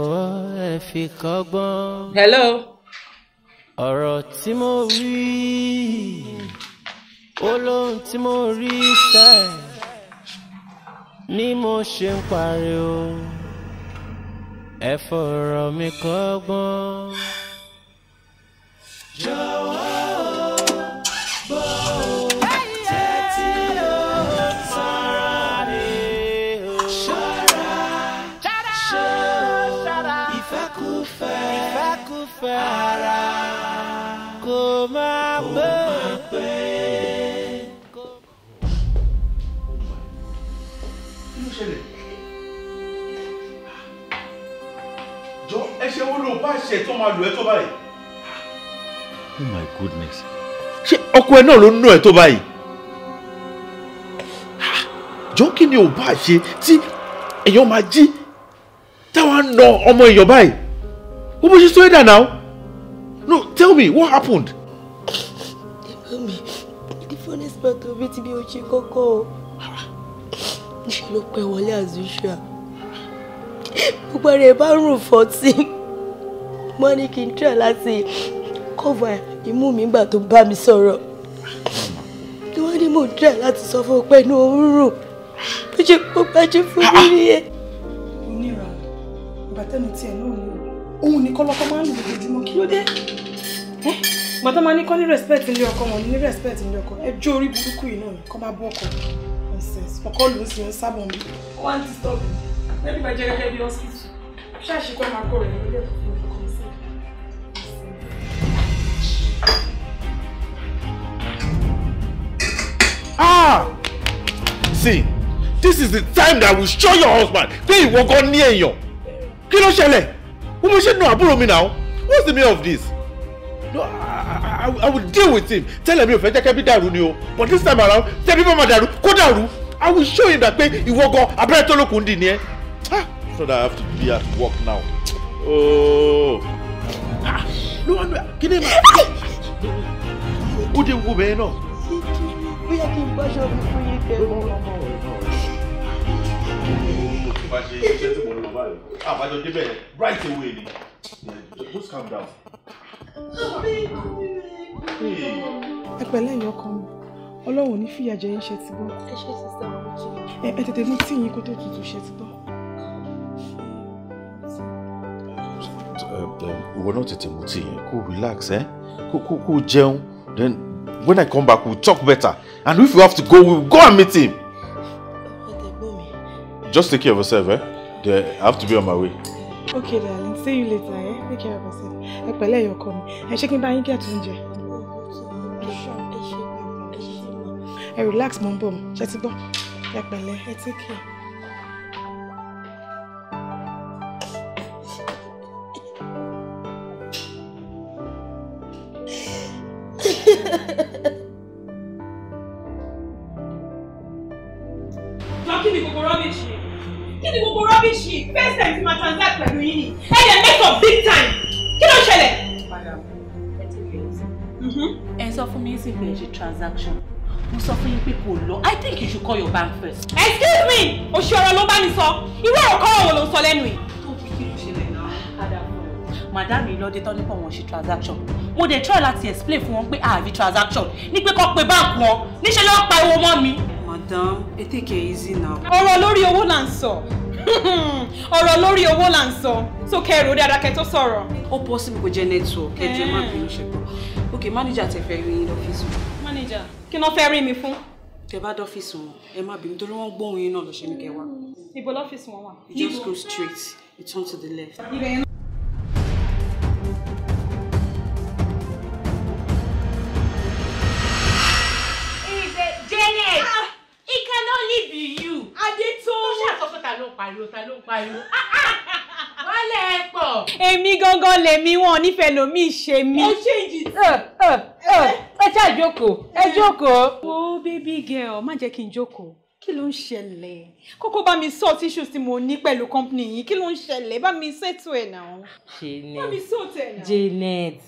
hello. ọ̀rọ̀ tí mo rí ó tí mo rí sẹ́ ni mo ṣe ń pariwo ẹ fọ̀rọ̀ mi kọ́gbọ́n. jọ̀wọ́. oh my goodness ṣé ọkọ ẹ náà ló ń nà ẹ́ tó báyìí. jọ́ kí ni ò bá ṣe tí èèyàn máa jí táwọn ń nà ọmọ èèyàn báyìí ó bó ṣe sọ ẹ́ náà no tell me what happened. ìwé mi the funniest part of it bí o ṣe kọ́kọ́ o ṣe ló pẹ́ wọlé as usual gbogbo rẹ̀ bá rùn fọ́tí mo ní kí n try láti cover imú mi gbà tó bá mi sọ̀rọ̀ ni wọ́n ní mò ń try láti sọ fún ọpẹ́ inú òun rùn bó ṣe kó gbájú fún mi nìyẹn. onírà ìbátẹ́nu tiẹ̀ náà ni òun ní kọ́lọ́kọ́ máa ń lò lójoojúmọ́ kí ló dé màtá máa ní kọ́ ní respect ilé ọkọ wọn ní respect ilé ọkọ ẹ jó orí burúkú yìí náà kọ́ máa bú ọkọ ọkọ ló ń sìn sábà ń bí. wọ́n ti stop me. ẹbí bàjẹ́ gẹ́gẹ́ bí hospital ṣáà ṣe kọ́ máa kọ́ rẹ̀ lórí ẹ̀kọ́ ah see this is the time that I will show your husband pé he won't go near you. ló ṣẹlẹ̀ who mo ṣe nu àbúrò mi now what's the meaning of this no I, I, I will deal with him Tell him if fẹ́ can be dàrú ni o but this time around tẹ́bí bá ma dàrú kó dàrú I will show him that pé ìwọ gan abẹ́rẹ́ tó lókun dì ni ẹ́ ah so that I have to be at work now Oh, ah ló wà ní kí him. ma ó de wo bẹ́ẹ̀ ó yẹ kí n gbọ́ṣọ́ mi fún yín pé mo. bá ṣe iṣẹ́ tí ah, right away ni just calm down. ẹ pẹ̀lẹ́ ìyá ọkọ mi ọlọ́run ní fìyà jẹ yín ṣe ti gbọ́. ẹ ṣe ti sọ àwọn jẹ. ẹ tètè mú tí yín kó tó tutù ṣe ti gbọ́. ìwọ náà tètè mú tí yín kó relax ẹ kó jẹun then when I come back, we'll talk better. And if you have to go, we'll go and meet him. Just take care of yourself, eh? I have to be on my way. Okay, darling. See you later, eh? Take care of yourself. Ẹ pẹ̀lẹ́ yọkọ mi. Ẹ ṣé kí by bá yín to oúnjẹ. I relax, mom, ń Just Ṣé ti gbọ́? Ẹ pẹ̀lẹ́, take care. up big time Get ló ṣẹlẹ̀. madam let me rí mm-hmm. ẹ ẹ me fún mi sí pé transaction mo suffering people. yín i think you should call your bank first. excuse me oṣù no bank bá mi sọ irú ọ̀rọ̀ kọ́rọ̀ wo ló ń sọ lẹ́nu yìí. tó fi kí ló ṣẹlẹ̀ náà. madam transaction mo dẹ̀ try to explain for fún wọn have àbí transaction ní pé kọ́ pé báńkì wọn níṣẹ́ ló ń pa owó mọ́ madam ẹ take it easy now. ọ̀rọ̀ lórí owó là ń ọ̀rọ̀ lórí owó là ń sọ tó kẹrù dáadáa kẹ tó sọ̀rọ̀. ó pọ̀ sí mi kò jẹ́ network ẹjọ́ eh. má bínú ṣẹ̀kọ́ ok manager tẹ fẹ́ rí yín lọ́fíìsì wọn. manager kí ló fẹ́ rí mi fún. tẹ bá dọ́fíìsì wọn ẹ má bínú torí wọ́n gbóhùn yín náà lọ́sẹ̀ ní kẹwàá. ibo lọ́fíìsì wọn wà. just go straight you turn to the left. pariwo ta ló ń pariwo wọ́n lè pọ̀. èmi gangan lèmi wọn ò nífẹ̀ẹ́ lòmí ṣe mí. ó ṣèjì tí. ẹ ṣáà jókòó ẹ eh. jókòó. wo baby girl má jẹ́ kí n jókòó kí ló ń ṣẹlẹ̀ kókó bá mi sọ tissues tí mo ní pẹ̀lú company yìí kí ló ń ṣẹlẹ̀ bá mi ṣètò ẹ̀ náà. Janet Janet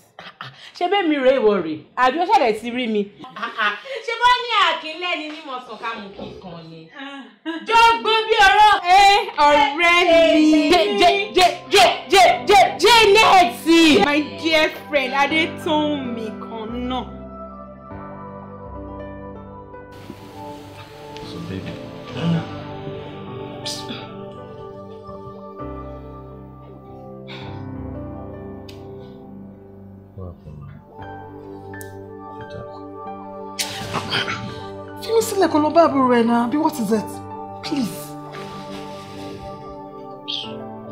ṣé bẹ́ẹ̀ mi rè ìwọ rè àbí ó ṣẹlẹ̀ ti rí mi. ṣé bá ní àkínlẹ̀ ni ní mo sàn ká mú kí kan ni. jọgbó bí ọ̀rọ̀. ẹ ọ̀rẹ́ mi. jẹ jẹ jẹ jẹ jẹ jẹ nẹẹsì. my dear friend Adetomi fi mí sílẹ̀ like lọ bá àbúrò ẹ̀ what is it please.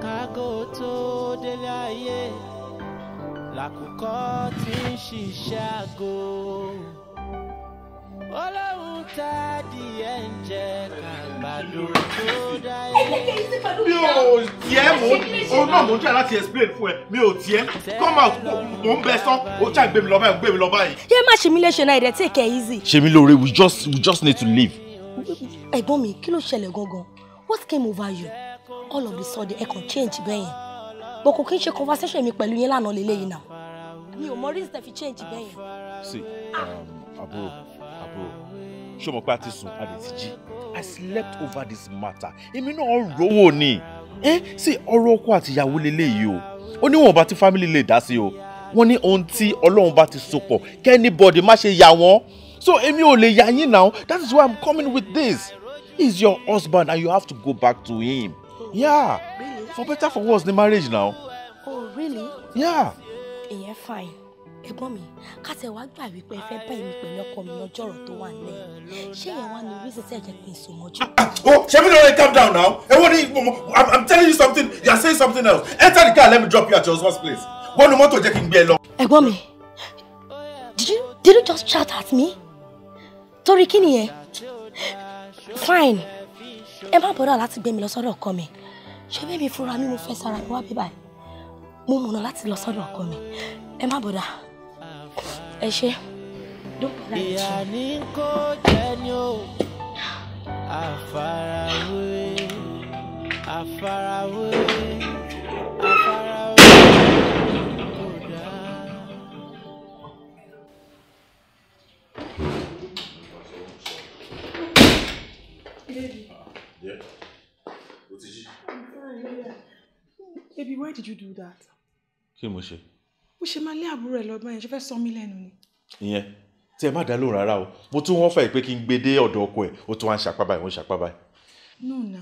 kágò tó délé ayé làkùkọ tí ń ṣiṣẹ́ àgọ́ mi ò tiẹ́ mo òun náà mo ń try explain fún ẹ mi ò tiẹ́ come out mo ń bẹ sán o ṣáà gbé mi lọ báyìí gbé mi lọ báyìí. yé má ṣe mí léṣe náà ẹ̀dẹ̀ take it easy. ṣe mí lóore we just we just need to leave. ẹ̀gbọ́n mi kilo ló ṣẹlẹ̀ gangan what came over you all of a sudden ẹ kàn change bẹ́yẹn bó kò kí n ṣe conversation mi pẹ̀lú yín lánàá lélẹ́yìn náà mi ò mọ reason tẹ̀ fi change bẹ́yẹn. see um, àbúrò àbúrò ṣọmọ pé a ti sùn a lè ti jí i slept over this matter èmi náà rówó ni ẹ sì ọ̀rọ̀ ọkọ àtìyàwó lélẹyìí o ó ní wọn bá ti family lè dá sí o wọn ní ohun tí Ọlọ́run bá ti so pọ̀ kẹ́nibọ̀dì má ṣe yà wọ́n so èmi ò lè yà yín now that is why I am coming with this He is your husband and you have to go back to him yeah really? for better for worse ni marriage now. oh really. yeah. ìyẹn yeah, fine ẹ̀gbọ́n mi kásẹ̀ wá gbà wípé fẹ́ bá èmi pẹ̀lú ọkọ mi lọ́jọ́ ọ̀rọ̀ tó wà nílẹ̀ ṣé ìyẹn wá ní reason tẹ́ ẹ jẹ́ kí n mọ́jú. o ṣe mi lóore calm down now ẹ wọ́n ní i'm telling you something you are saying something else enter the car let me drop you at your husband's place wọ́n nu mọ́tò jẹ́ kí n gbé ẹ lọ. ẹ̀gbọ́n mi did you did you just shout at me torí kí nìyẹn fine ẹ má bọ̀dọ̀ láti gbé mi lọ sọ́dọ̀ ọkọ mi ṣé bẹ́ẹ̀ mi fúnra mi mo fẹ́ sára mi wá bíbáyìí mo mọ̀nà láti lọ sọ́dọ̀ ọkọ mi ẹ má bọ̀dọ̀ ẹ ṣe dúpọ̀ láti àfarawé Baby, why did you do that? Kí mo ṣe? bó ṣe máa lé àbúrò ẹ lọ́gbọ́n yẹn ṣe fẹ́ sọ mí lẹ́nu ni. ìyẹn tí ẹ má dá lóhùn rárá o mo tún wọ́n fẹ́ pé kí n gbé dé ọ̀dọ̀ ọkọ ẹ̀ ó tún wá ń ṣàpábà ẹ̀ ó ń ṣàpábà ẹ̀. no na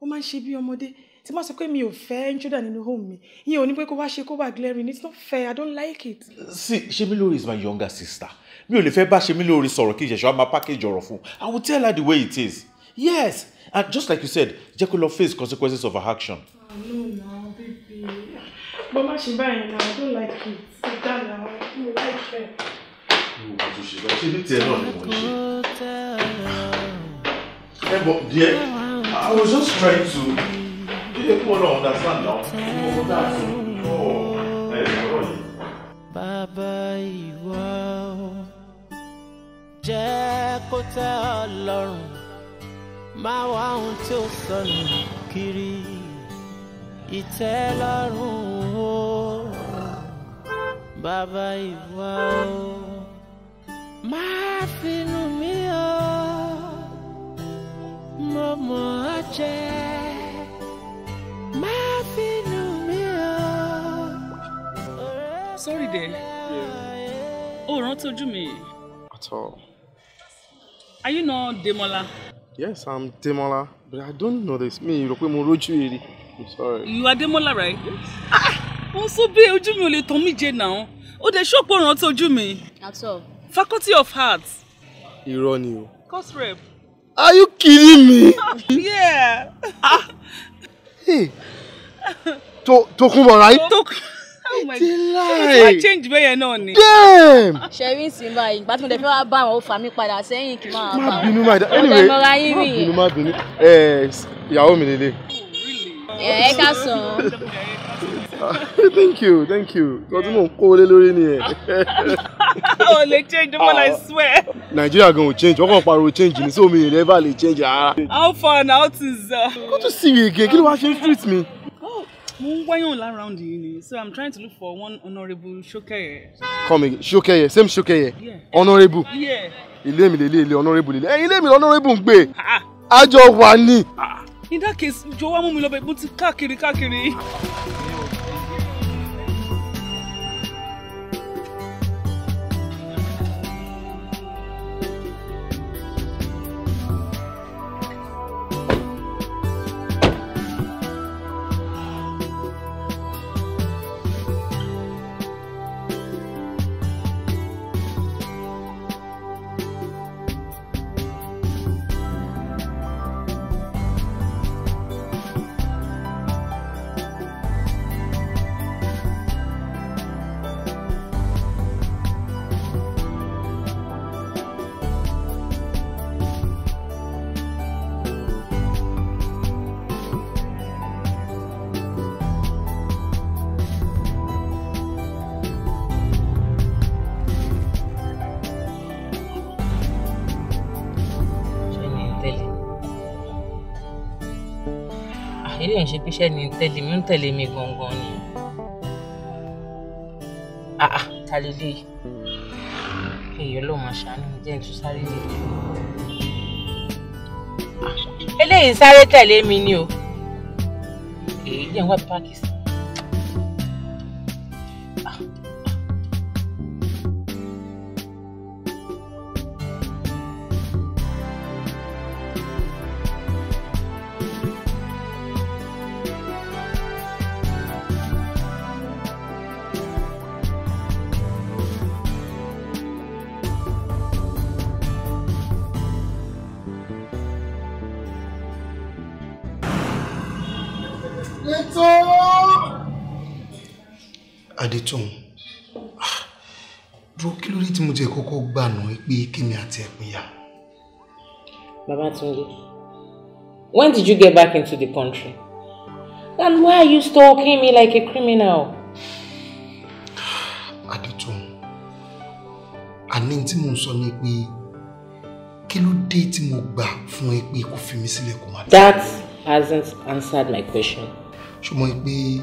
ó máa ń ṣe bí ọmọdé tí má sọ pé mi ò fẹ́ intruder nínú home mi ìyẹn ò ní pé kó wá ṣe kó wà glaring it's not fair i don't like it. see Ṣemilore is my younger sister mi ò lè fẹ́ bá Ṣemilore sọ̀rọ̀ kí ìṣẹ̀ṣọ́ á máa package ọ̀rọ̀ fún i will tell her the way it is yes and just like you said jẹ́ kó lọ face consequences of her action. Oh, no, no, baby. But má ṣe báyìí náà, I don't like it. Sit down now, I don't like it. Mo kò tún ṣe báyìí, ṣé ní tiẹ̀ náà ni mo ń ṣe? Ẹ bọ̀ díẹ̀, I was just trying to ilé kúrò náà understand now. Mo kò dá sí ọ̀ ẹ̀ ọ̀rọ̀ yìí. Bàbá ìwà kiri, ìtẹ́lọ́rùn bàbá ìwà o má finú mi o mo mọ̀ ọ́ jẹ́ má finú mi o. sorry dear o rántí ojú mi. at all. are you not Demola. yes i'm Demola but i don't know this Me, you look like rójú i'm sorry. you are Demola right. yes wọ́n sún bí ojú mi ò lè tàn mí jẹ náà ó dẹ̀ ṣọ́pọ̀ rántí ojú mi. at faculty of arts. irọ́ ni o. course rep. are you kidding me. yeah. ah. hey. to Tokunbo right. Tok oh my I change bẹ́yẹn náà ni. damn. Ah, ṣẹ̀rí ìsìnbá yìí ìgbà tí mo dẹ̀ fẹ́ wá bá àwọn òfà mi padà sẹ́yìn kí n máa bá má bínú má dá anyway má bínú má bínú eh, ìyàwó mi lélẹ̀. ẹ eh, ẹ ká sàn án. Oh, thank you thank you nǹkan tí mò ń kó lé lórí nìyẹn. o lè change more like ah. swear. Nigeria gan ò change wọn kàn pariwo change ní So ìrẹ́ ever lè change rárá. Ah. how far na how to zan. kó tún sí iye gẹ̀ kí ló wá ṣe treat me. Oh, mo ń wáyàn lára round yìí ni so i'm trying to look for one honourable Ṣókẹ́yẹ. come again Ṣókẹ́yẹ same Ṣókẹ́yẹ honourable. Yeah. ilé mi lè lé ilé honourable lè lé ẹyin ilé mi honourable ń gbé àjọ ah. wà ní. in that case jọ̀wọ́ mú mi lọ bẹ̀ mo ti káàkiri káàkiri. ayé ẹ̀ ń ṣe pé iṣẹ́ ni tẹ̀lé mi ń tẹ̀lé mi gangan ni àà ah, ah, ta lè lè èyí ló máa ṣàánú mi jẹ́ ìtú sáré dìde ah, eléyìí sáré tẹ̀lé mi ni o èyí jẹ́ ń wá pákísì. pé kíni àti ẹ̀pìnyà. Babatunde, when did you get back into the country? And why are you stalking me like a criminal? Adétun, àní tí mò sọ ni pé kí ló dé tí mo gbà fún ẹ pé kò fi mí sílẹ̀ kó má dé. That hasn't answered my question. Ṣùgbọ́n ẹ pé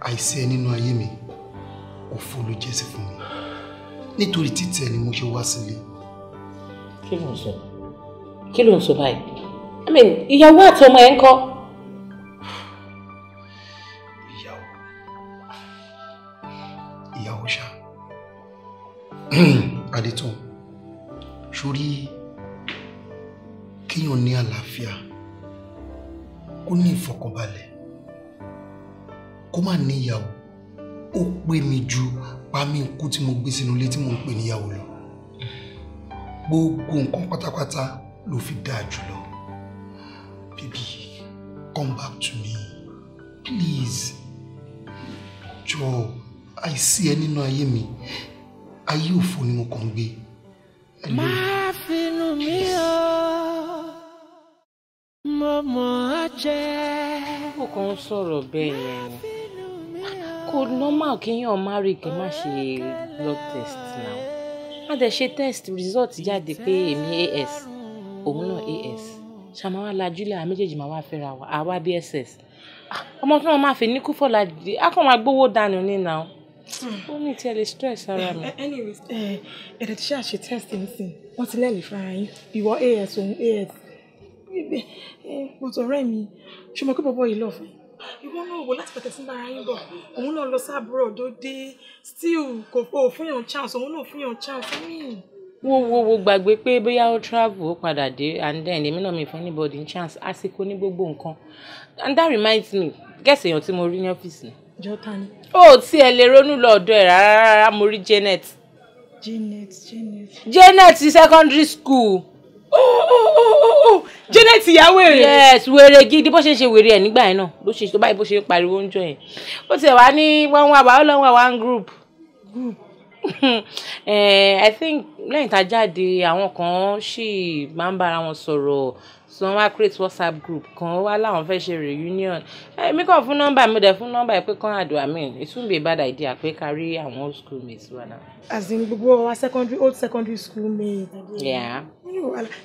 àìsí ẹ nínú ayé mi òfò ló jẹ́ sí fún mi nítorí títẹ̀ ni mo ṣe wá sílé kí ló ń sọ kí ló ń sọ báyìí i mean ìyàwó àti ọmọ ẹ̀ ń kọ́. ìyàwó ìyàwó ṣá adétún sórí kéèyàn ní àlàáfíà kó ní ìfọ̀kànbalẹ̀ kó má níyàwó ó pè mí ju pa mí kú tí mo gbé sínú ilé tí mo ń pè níyàwó lọ gbogbo nǹkan pátápátá ló fi dáa jùlọ baby come back to me please jọ àìsí ẹ nínú ayé mi ayé òfo ni mo kàn ń gbé. má finú mi o mo mọ̀ ọ́ jẹ́. ó kàn ń sọ̀rọ̀ bẹ́ẹ̀ yẹn kò normal kéèyàn má rí kí n má ṣe blood test náà a dẹ̀ ṣe test result jáde pé èmi as òun náà as ṣàmọ́ wa lajú lẹ́ àwọn méjèèjì máa wá fẹ́ra wa àwa bss ọmọ tí wọn máa fi ní kúfọ̀ lajì á máa gbowó dànù ní nà ó ní tiẹ̀ lè stress ara mi. ẹ̀ẹ́dẹ̀ tí ṣáà ṣe test nísìn wọ́n ti lẹ́ẹ̀lì fara yín ìwọ as òun as gbọ́dọ̀ ọ̀rẹ́ mi ṣùgbọ́n kí bọ́bọ́ yìí lọ́ọ̀fẹ́ ìwọ náà wò láti pẹ̀tẹ̀ sí bára yín bọ̀ òun náà lọ sábúrò ọ̀dọ́ still kò pé òfin yàn chance òun náà fún yàn chance mí. wo wo wo gbàgbé pé bóyá ó travel ó padà dé and then èmi náà mi fún anybody chance àsìkò ní gbogbo nǹkan and that reminds me guess èèyàn tí mo rí ní ọ́fíìsì. jọta ni. o ò tí ẹ lè ronú lọ ọ̀dọ̀ ẹ rárá mo rí Janet. Janet Janet. Janet secondary school. Oh, oh, oh, Janet ìyá wèrè. yes wèrè gidi bó ṣe ṣe wèrè ẹ nígbà yẹn náà ló ṣe tó báyìí bó ṣe ń pariwo oúnjẹ yẹn ó tiẹ̀ wá ní wọ́n wá wá one group. group Eh, I think lẹ́yìn tá a jáde àwọn kan ṣì máa ń bára wọn sọ̀rọ̀ so wọn wá create WhatsApp group kan wá láwọn fẹ́ ṣe reunion eh, èmi kàn fún nọ́mbà mi dẹ̀ fún nọ́mbà pé kàn àdùn àmì it won't be a bad idea pé kárí àwọn old school mates wa náà. as in gbogbo wa secondary old secondary school mates. yeah.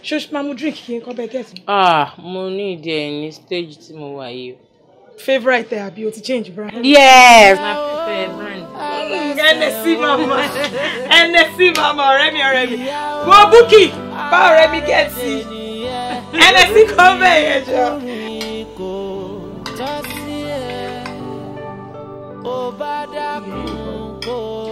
ṣé o máa mu drink kí n kọ́ bẹ́ẹ̀ gẹ̀ẹ́sì. ah mo ní ìdí ẹ̀ ní stage tí mo wà yìí favourite àbí o ti change brand. yes na favourite brand. ẹnẹsí mama ẹnẹsí mama ọ̀rẹ́ mi ọ̀rẹ́ mi wo búkì bá ọ̀rẹ́ mi gẹ̀ẹ́sì ẹnẹsí kan bẹ́ẹ̀ yẹn jọ. ó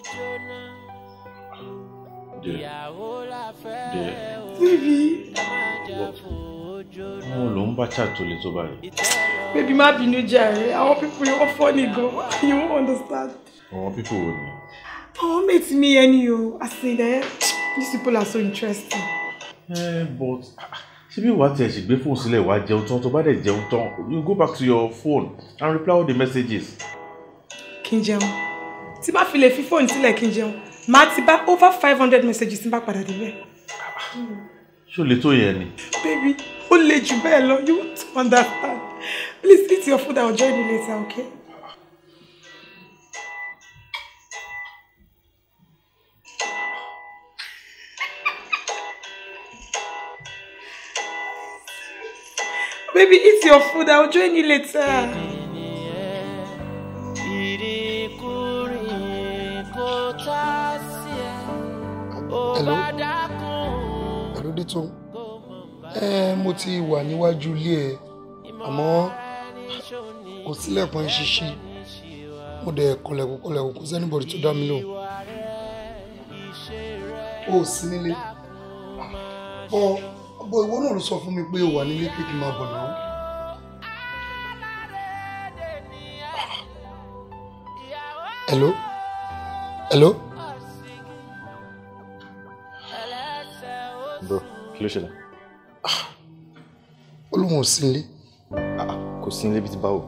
jóná ìyàwó la fẹ́ o ẹ má jẹ́ fún ó jóná. wọn ló ń bá ṣàtò lè tó báyìí. bébí má bínú jàre àwọn people yóò fọ́ ni gan you won't understand. àwọn people wo ni. àwọn mate mi yẹn ni o àṣìlẹ̀ eh, these people are so interesting. Eh, but ṣebí wàá tiẹ̀ sì gbé fóònù sílẹ̀ wàá jẹun tán tó bá dẹ̀ jẹun tán you go back to your phone and reply all the messages. kí n jẹun tí bá fi lè fi fóònù sílẹ̀ kí n jẹun màá ti bá over five hundred messages tí n bá padà débẹ̀. ṣé o lè tó yẹn ni. baby ó le jù bẹ́ẹ̀ lọ you won't understand please eat your food i will join you later okay. Baby, eat your food. I will join you later. onítàn mo ti wà níwájú ilé ẹ àmọ́ kò sílẹ̀kùn ṣíṣí mo dẹ̀ kọlẹ̀kùn kọlẹ̀kùn kò sẹ́ni bọ̀dì tó dá mi lò ó sí nílé bọ bọ ìwọ náà ló sọ fún mi pé o wà nílé pé kí n máa bọ̀ náà. hello hello. bro kí ló ṣẹlẹ̀. ó ah, lóun ò sí nílé. Ah, kò sí nílé bí ti báwo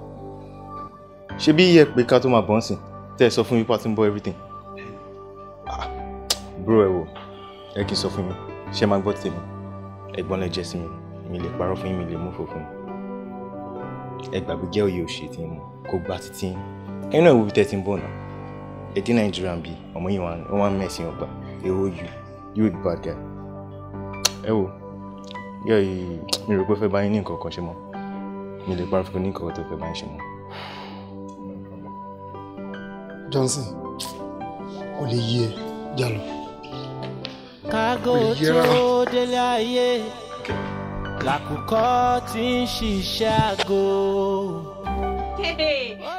ṣé bí iye pé ká tó máa bọ́n sìn tẹ́ ẹ sọ fún mi pàtó ń bọ́ everything. Ah, bro ẹ wò ẹ kì í sọ fún mi ṣé máa gbọ́ tèmi ẹ̀gbọ́n lẹ jẹ́ sí mi mi lè parọ́ fún yín mi lè mú fòfin ẹ gbàgbé jẹ́ òye òṣè tí mo kò gba títí ẹ̀yin náà ìwúbi tẹ́ ti ń bọ̀ náà ẹ̀dín nàìjíríà bíi ọmọ yìí wọn wá mẹ́sìn ọgbà èrò yìí yóò gbàdá ẹ wò yẹ yìí mi rò pé fẹ́ bá ní nǹkan kan ṣe mọ́ mi lè parí fún ní nǹkan tó fẹ́ bá ṣe mọ́. Johnson kò lè yí ẹ já lọ. tó délé ayé làkùkọ tí ń ṣiṣẹ́ àgò. sori yìí ló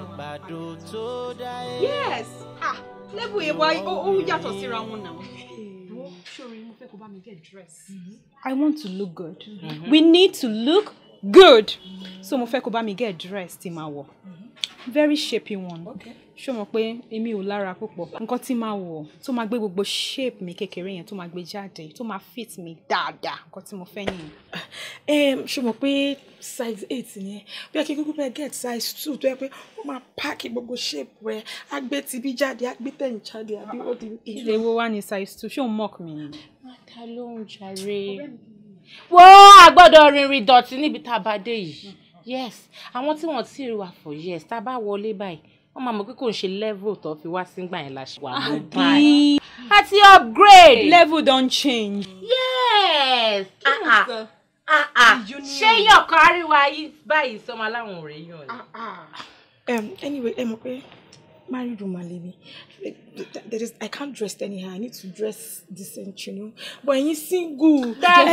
ń bá a jẹ. yes lẹ́bù yẹn ó yàtọ̀ síra wọn náà. I want to look good. Mm-hmm. We need to look good. Mm-hmm. So mo fẹ́ kó bá mi get dressed tí màá wọ̀. Mm-hmm. Very shapy one. Okay ṣó mọ̀ pé èmi ò lára púpọ̀ nǹkan tí máa wọ̀ tó máa gbé gbogbo shape mi kékeré yẹn tó máa gbé jáde tó máa fit mi dáadáa nǹkan tí mo fẹ́ nìyẹn. ẹ ṣó mọ̀ pé size eight ni ẹ bí ẹ kí kúkú bẹ get size two tó yẹ pé ó máa páàkì gbogbo shape rẹ á gbé tibí jáde á gbé tẹ̀yìn jáde àbí ó di. ilé wo wá ní size two ṣé òun mock mi ni. má ta lóhùn jàre wọ́n á gbọ́dọ̀ rìnrìn dọ̀tí níbi tá a bá dé yìí yes àwọn tí wọ́n ti rí wa for yes. tá a bá wọlé báyìí wọ́n máa mọ̀ pé kò ń ṣe level tó fi wá sígbà yẹn la ṣe wà ló báyìí. a ti upgrade. level don change. yes ah, ah. Ah, ṣé yàn kárí báyìí sọ́mọ aláwọn ọ̀rẹ́ yàn um, anyway ẹ mọ̀ pé married woman, me. There is, I can't dress anyhow. I need to dress decent, you know. But you single. Ah.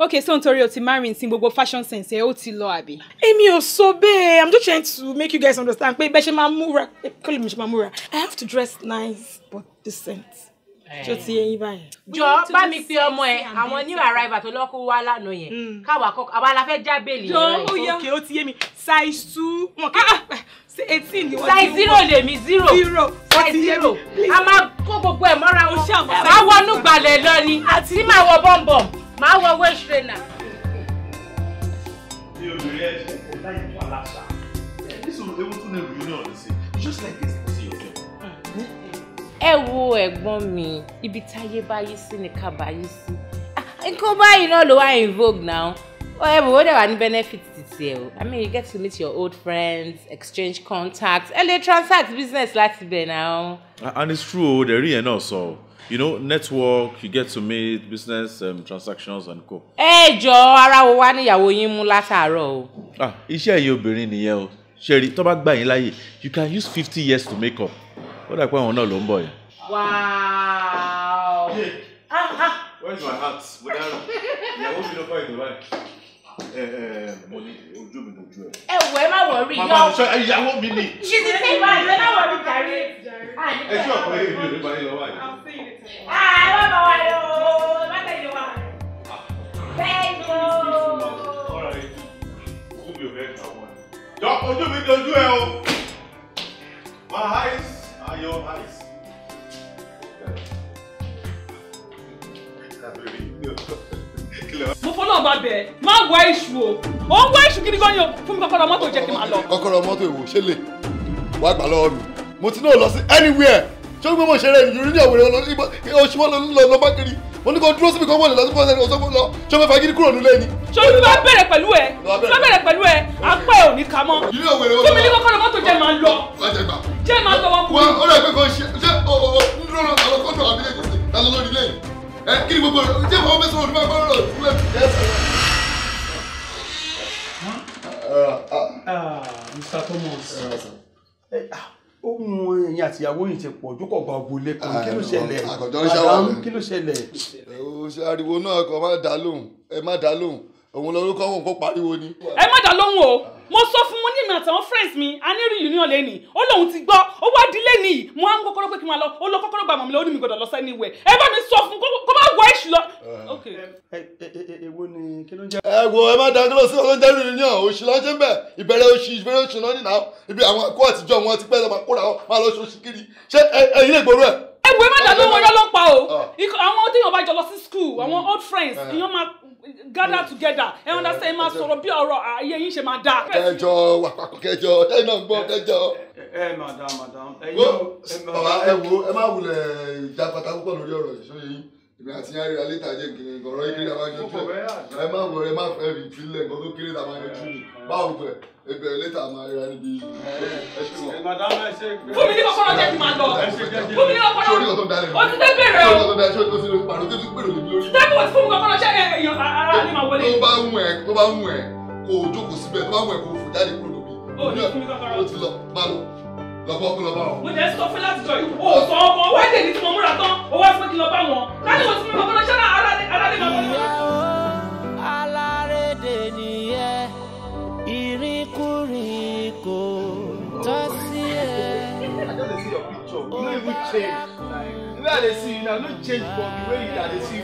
Okay, so nítorí o ti marry nsin gbogbo fashion sense ẹ o ti lọ àbí. Èmi ò sọ bẹ́ẹ̀. I'm just trying to make you guys understand pé bẹ́ẹ̀ ṣe máa múra. Kọ́lé mi I have to dress nice but decent tó ti yẹn báyìí. jọ bá mi pe ọmọ ẹ àwọn new arrival tó lọ́kọ́ wá lánàá yẹn mm. káwa kọ àwa la fẹ́ já bẹ́ẹ̀lì yẹn. jọ òkè ó ti yé mi size two wọn kì ah, ah. eighteen ni wọ́n ti wọ́n. size zero lèmi zero size zero a máa kó gbogbo ẹ̀ mọ́ra wọn. báwọn nùgbàlẹ̀ lọ ni tí màá wọ bọ́m̀bọ̀m̀. ẹ̀gbọ́n mi ibi táyé bá yí sí ni ká bá yí sí ah, nǹkan báyìí náà ló wá in vogue now ó ẹ bòbó dẹ̀ wà ní benefit títí ẹ o I mean you get to meet your old friends exchange contacts ẹ lè transact business láti bẹ̀ now. and it's true o dẹ̀ rí yẹn náà sọ you know network you get to meet business um, transactions and co. ẹ jọ ara wo wá níyàwó yín mú látàárọ̀ o. ah iṣẹ́ ẹ̀yin obìnrin nìyẹn o ṣe rí tó bá gbà yín láàyè you can use fifty years to make up ó dà pé àwọn náà ló ń bọ̀ yẹn. Wow. Yeah. Ah, ah. Where's my hat? Ìyàwó mi ló bá ìdò báyìí. Ẹ ẹ mo ní ojú mi lójú ẹ. Ẹ wọ ẹ má wọrí yọ. Màmá mi sọ ìyàwó mi ni. Ṣé ti ṣe ìwà ìwé má wọrí jàre? Ah, ẹ ṣé ọ̀pọ̀ yìí mi ò ní bá yín lọ wáyé. Àà ah, ẹ má bá wa lọ, ẹ má tẹ̀lé wa. Bẹ́ẹ̀ ni o. Ọ̀rọ̀ rẹ̀ ojú mi ò fẹ́ kà wọ́n. Jọ ojú mi dojú ẹ o. My eyes are your eyes mo fọlọ́ ọba bẹ̀ má wá iṣu o ó ń wá iṣu gidi gan ni o fún mi kọ́kọ́rọ́ mọ́tò jẹ́ kí n máa lọ. kọ́kọ́rọ́ mọ́tò èwo ṣe lè wá gbà lọ́wọ́ mi mo ti náà lọ sí anywhere ṣé o gbé mo ṣeré ìrírí ọ̀wẹ̀rẹ̀ oṣù mọ́ lọ bá kiri mo ní kó dúró síbi kan wọlé lọ síbi kan sẹ́ni ọ̀sọ́gbọ́n lọ ṣé o fẹ́ fagídí kúrò nílé ni. ṣé o bá bẹ̀rẹ̀ pẹ̀lú ẹ bá bẹ̀rẹ̀ pẹ̀lú ẹ apá ẹ ò ní ka mọ́ fún mi ní kọ́kọ́ lọ mọ́tò jẹ́ máa lọ jẹ́ máa lọ wọn kú. ó rẹ̀ pé kò ṣe ṣé o o dúró lọ àwọn kọ́tò àbí ẹ̀jẹ̀ ta ló lórí ẹ kí ni gbogbo rẹ̀ jẹ́ fọwọ́ mẹ́sàn-án òdúmọ̀ ẹ̀kọ́ ohun ẹ̀yin àtìyàwó yìí ti pọ̀ ojú kọ̀ọ̀kan ògbólé kan kí ló ṣẹlẹ̀ madam kí ló ṣẹlẹ̀. ariwo náà kò má dá lóhùn ẹ má dá lóhùn òun lorúkọ òun kó pariwo ni. ẹ má dá lóhùn o mo sọ fún mo ní ìmọ̀ àtàwọn friends mi a ní reunion lẹ́nìí ó lóun ti gbọ́ ó wá dílé nìyí mo á mú kọ́kọ́rọ́ pé kí n máa lọ ó lọ kọ́kọ́rọ́ gbà mọ̀ mi lọ ó ní mi gbọ́dọ̀ lọ sẹ́ni ìwẹ̀ ẹ bá mi sọ fún kó má wọ èṣù lọ. Eh. Eh, eh, èwo ni kí ló ń jẹ. ẹ wo ẹ má dáa kí ló sí ọlọ́jà reunion òṣì lọ́jọ́ ń bẹ̀ ìbẹ̀rẹ̀ òṣì ìbẹ̀rẹ̀ òṣì lọ́ní náà ibi àwọn ẹ̀kọ́ àtijọ́ wọn ti pẹ́ lọ́ máa kóra wọn máa lọ ṣoṣì kiri ṣé ẹ̀yin lè gbòòrò ẹ̀. ẹ wo ẹ má dáa ló wọn yọ ló ń pa o ah. àwọn tí yóò bá jọ lọ sí school àwọn mm. old friends ìyọ́n máa gather together ẹ understand ẹ máa sọ̀rọ̀ bí ọ̀rọ̀ ah, ayé yín ṣe máa dáa. kẹjọ wà kẹjọ ẹ náà gbọ́ kẹjọ. ẹ madam madam. ẹ wo ẹ má wulẹ̀ jàpátá púpọ̀ lórí ọ̀rọ̀ ìṣòro yìí èmi àti yàrá ìyá létà jẹ́ kìnìún nǹkan ọ̀rọ̀ ìkéré àwọn àjọjú ẹ má wọlé má fẹ́ mi ìfilẹ̀ nǹkan tó kéré àwọn àjọjú mi báwo bẹ̀ ẹbẹ̀ létà máa ra níbi ẹ̀ṣọ́. fún mi ní kọ́kọ́rọ́ jẹ́ ti máa lọ fún ní kọ́kọ́rọ́ sórí ọ̀tọ̀ dalẹ̀ o ti tẹ́ o sórí ọ̀tọ̀ dalẹ̀ sórí ọ̀tọ̀ sílẹ̀ pàdé tó ti pèrè òbí lórí. tẹ́kù fún mi kọ́kọ́rọ́ jẹ́ èèyàn ara ni màá wọlé. tó bá mú ẹ tó bá mú o jókòó síbẹ̀ tó bá mú o fò jáde o ti lọ lọ́bọ̀ kú lọ́bọ̀ wọn. mo jẹ́ sọ fún láti jọ yìí o sọ ọmọ wá dé tí mo múra tán o wá fún kí lọ wọn láti wọ́n ti mú ọmọ náà ṣáná aláré màmá ni alárédè nìyẹn ìrìnkúrìn kò tọ́ sí ẹ. You no even change. The way I dey see you now no change from the way you dey see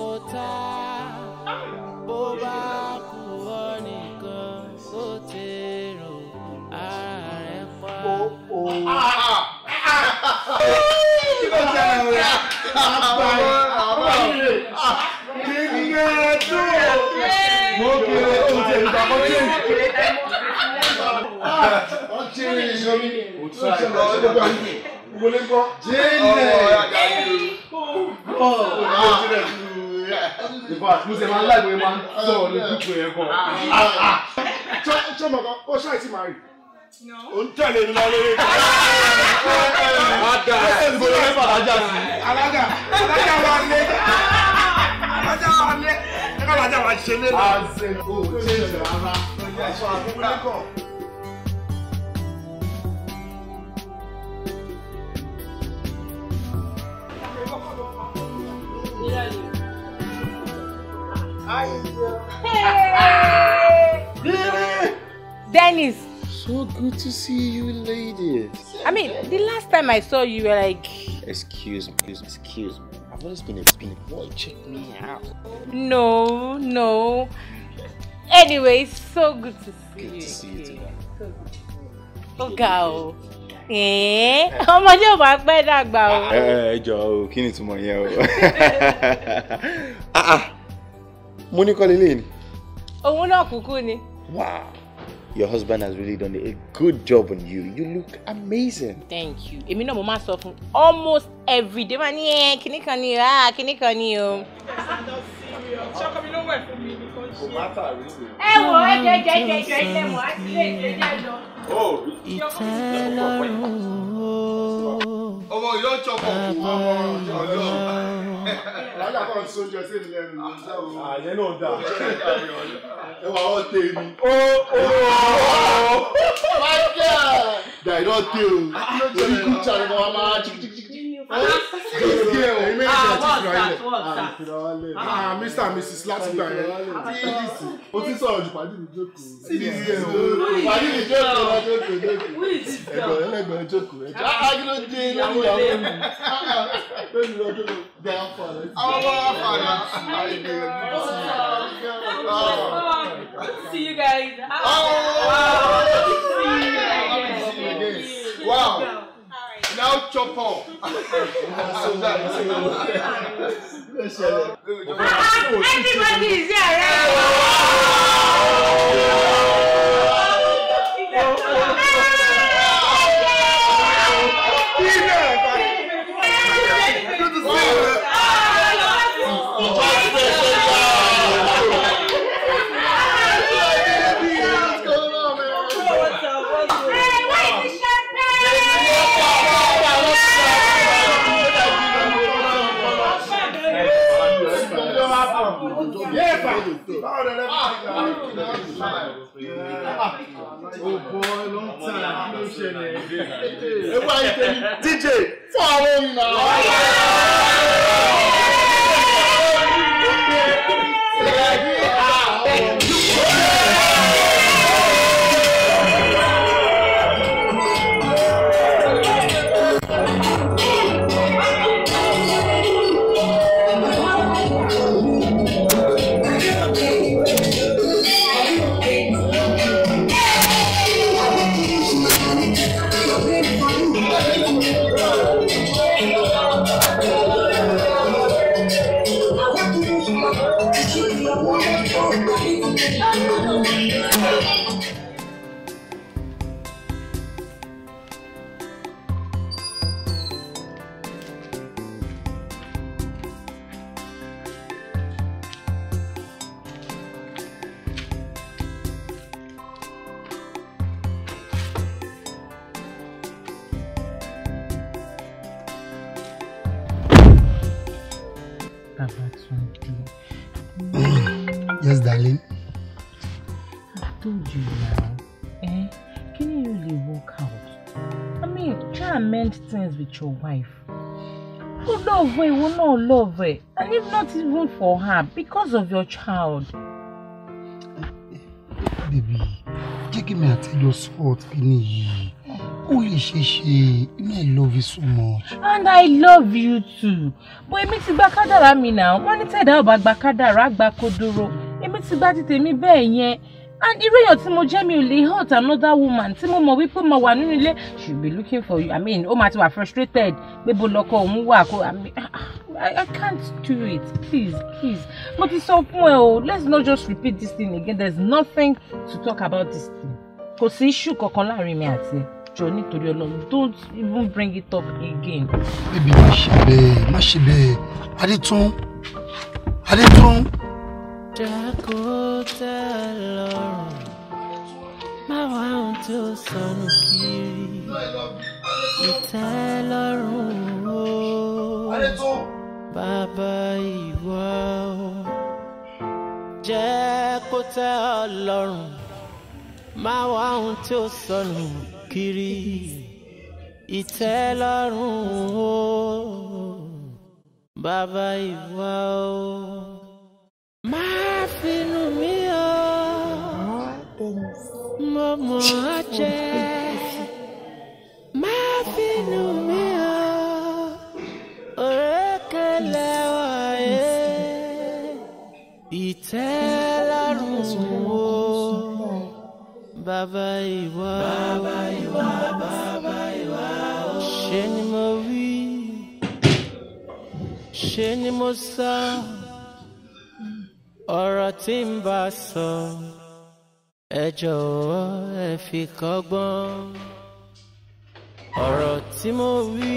you for WhatsApp. o ń tẹ̀lé mi lọ́lé rẹ̀. alága alága alága wa lé kọ́lájà wa ṣe lé náà. Dennis. So good to see you, ladies. I mean, the last time I saw you were like. Excuse me, excuse me. I've always been a big boy. Check me out. No, no. Anyway, it's so good to see good you. Good to see you today. So good to see you. Ọ̀gá o. Eh, ọmọdé ò máa pẹ́ dàgbà o. Ẹ ah, eh, eh, jọ o, kí ni ìtumọ̀ yẹn o? Ah, ah. Mo ní kọ́ lélẹ́yìn ni. Òun náà kúkú ni. Wow your husband has really done a good job on you you look amazing. thank you èmi náà mo máa sọ fún almost every day máa ní ẹ eh, kíní kan ni ah kíní kan ni o. ẹ wo ẹ jẹ jẹ jẹ jẹ ilé mọ àti ilé ìjẹ jẹ lọ. ìtẹ́lọ́rùn. ọmọ yóò jọ pọ̀ kú ọmọ ọjọ́ wàhálà kan sọ sí ìrìnlẹ̀ ẹ̀rù ló o. àyẹ̀ náà dà ẹ wà ọ́ tẹ mi. ó ó ó michael. dàì náà tẹ o orí kúta ni máa jìkìjìkì gègé o méjì àti ìfìràwálẹ̀ ah mr and mrs láti gbà yẹn cdc o ti sọ̀rọ̀ ju pàdé mi jókòó cdc o pàdé mi jókòó la jókòó jókòó ẹ̀gbọ́n ẹlẹ́gbẹ̀ẹ́ jókòó ẹ̀jẹ̀ ágídó dé lórí àwọn ẹ̀mí lórí ọjọ́ bí a fà rẹ̀. àwọn ọmọ wa fà rẹ̀ àìdè See you guys. Oh, wow. wow. wow. wow. wow. wow. wow. wow. wow. I'll chop is here, eh? you. God, let me ah, that time. Yeah. Oh boy, long time. Hey, why you telling DJ? For our own now. Yeah. Yeah. Yeah. Yeah. Yeah. with your wife. You love her, you will not love her. And if not even for her, because of your child. Baby, take me at your sọ́ọ̀tì kìíní yìí. Ó lè ṣe I love you so much. And I love you too. Bó èmi ti bakada kádàrá mi náà, wọ́n ní tẹ̀dá ò bá gba kádàrá, á gba kodoro. Èmi ti gba and irú èèyàn tí mo jẹ́ mi ò lè hurt another woman tí mo mọ̀ wípé mo wà nínú ilé she be looking for you i mean ó máa ti wà frustrated pé bó lọkọ òun wà kó i mean I, can't do it please please mo ti sọ fún ẹ o let's not just repeat this thing again there's nothing to talk about this thing kò sí issue kankan láàrin mi àti ẹ jọ nítorí Ọlọ́run don't even bring it up again. bébí má ṣe bẹ́ẹ̀ má ṣe bẹ́ẹ̀ adétún adétún. Dakota lọ́rùn má wá ohun tí ó sọnù kiri ìtẹ́lọ́rùn o bàbá ìwọ o jẹ́ kó lọ́rùn má wá ohun tí ó sọnù kiri ìtẹ́lọ́rùn o bàbá ìwọ o. mo mọ̀ ọ́ jẹ́ má bínú mi o òrékelè wọ̀nyé ìtẹ́lọ́rùn wo bàbá ìwà bàbá ìwà bàbá ìwà o ṣé ni mo wí ṣé ni mo sọ ọ̀rọ̀ tí n ẹ jọ̀wọ́ ẹ fi kọ́gbọ́n ọ̀rọ̀ tí mo wí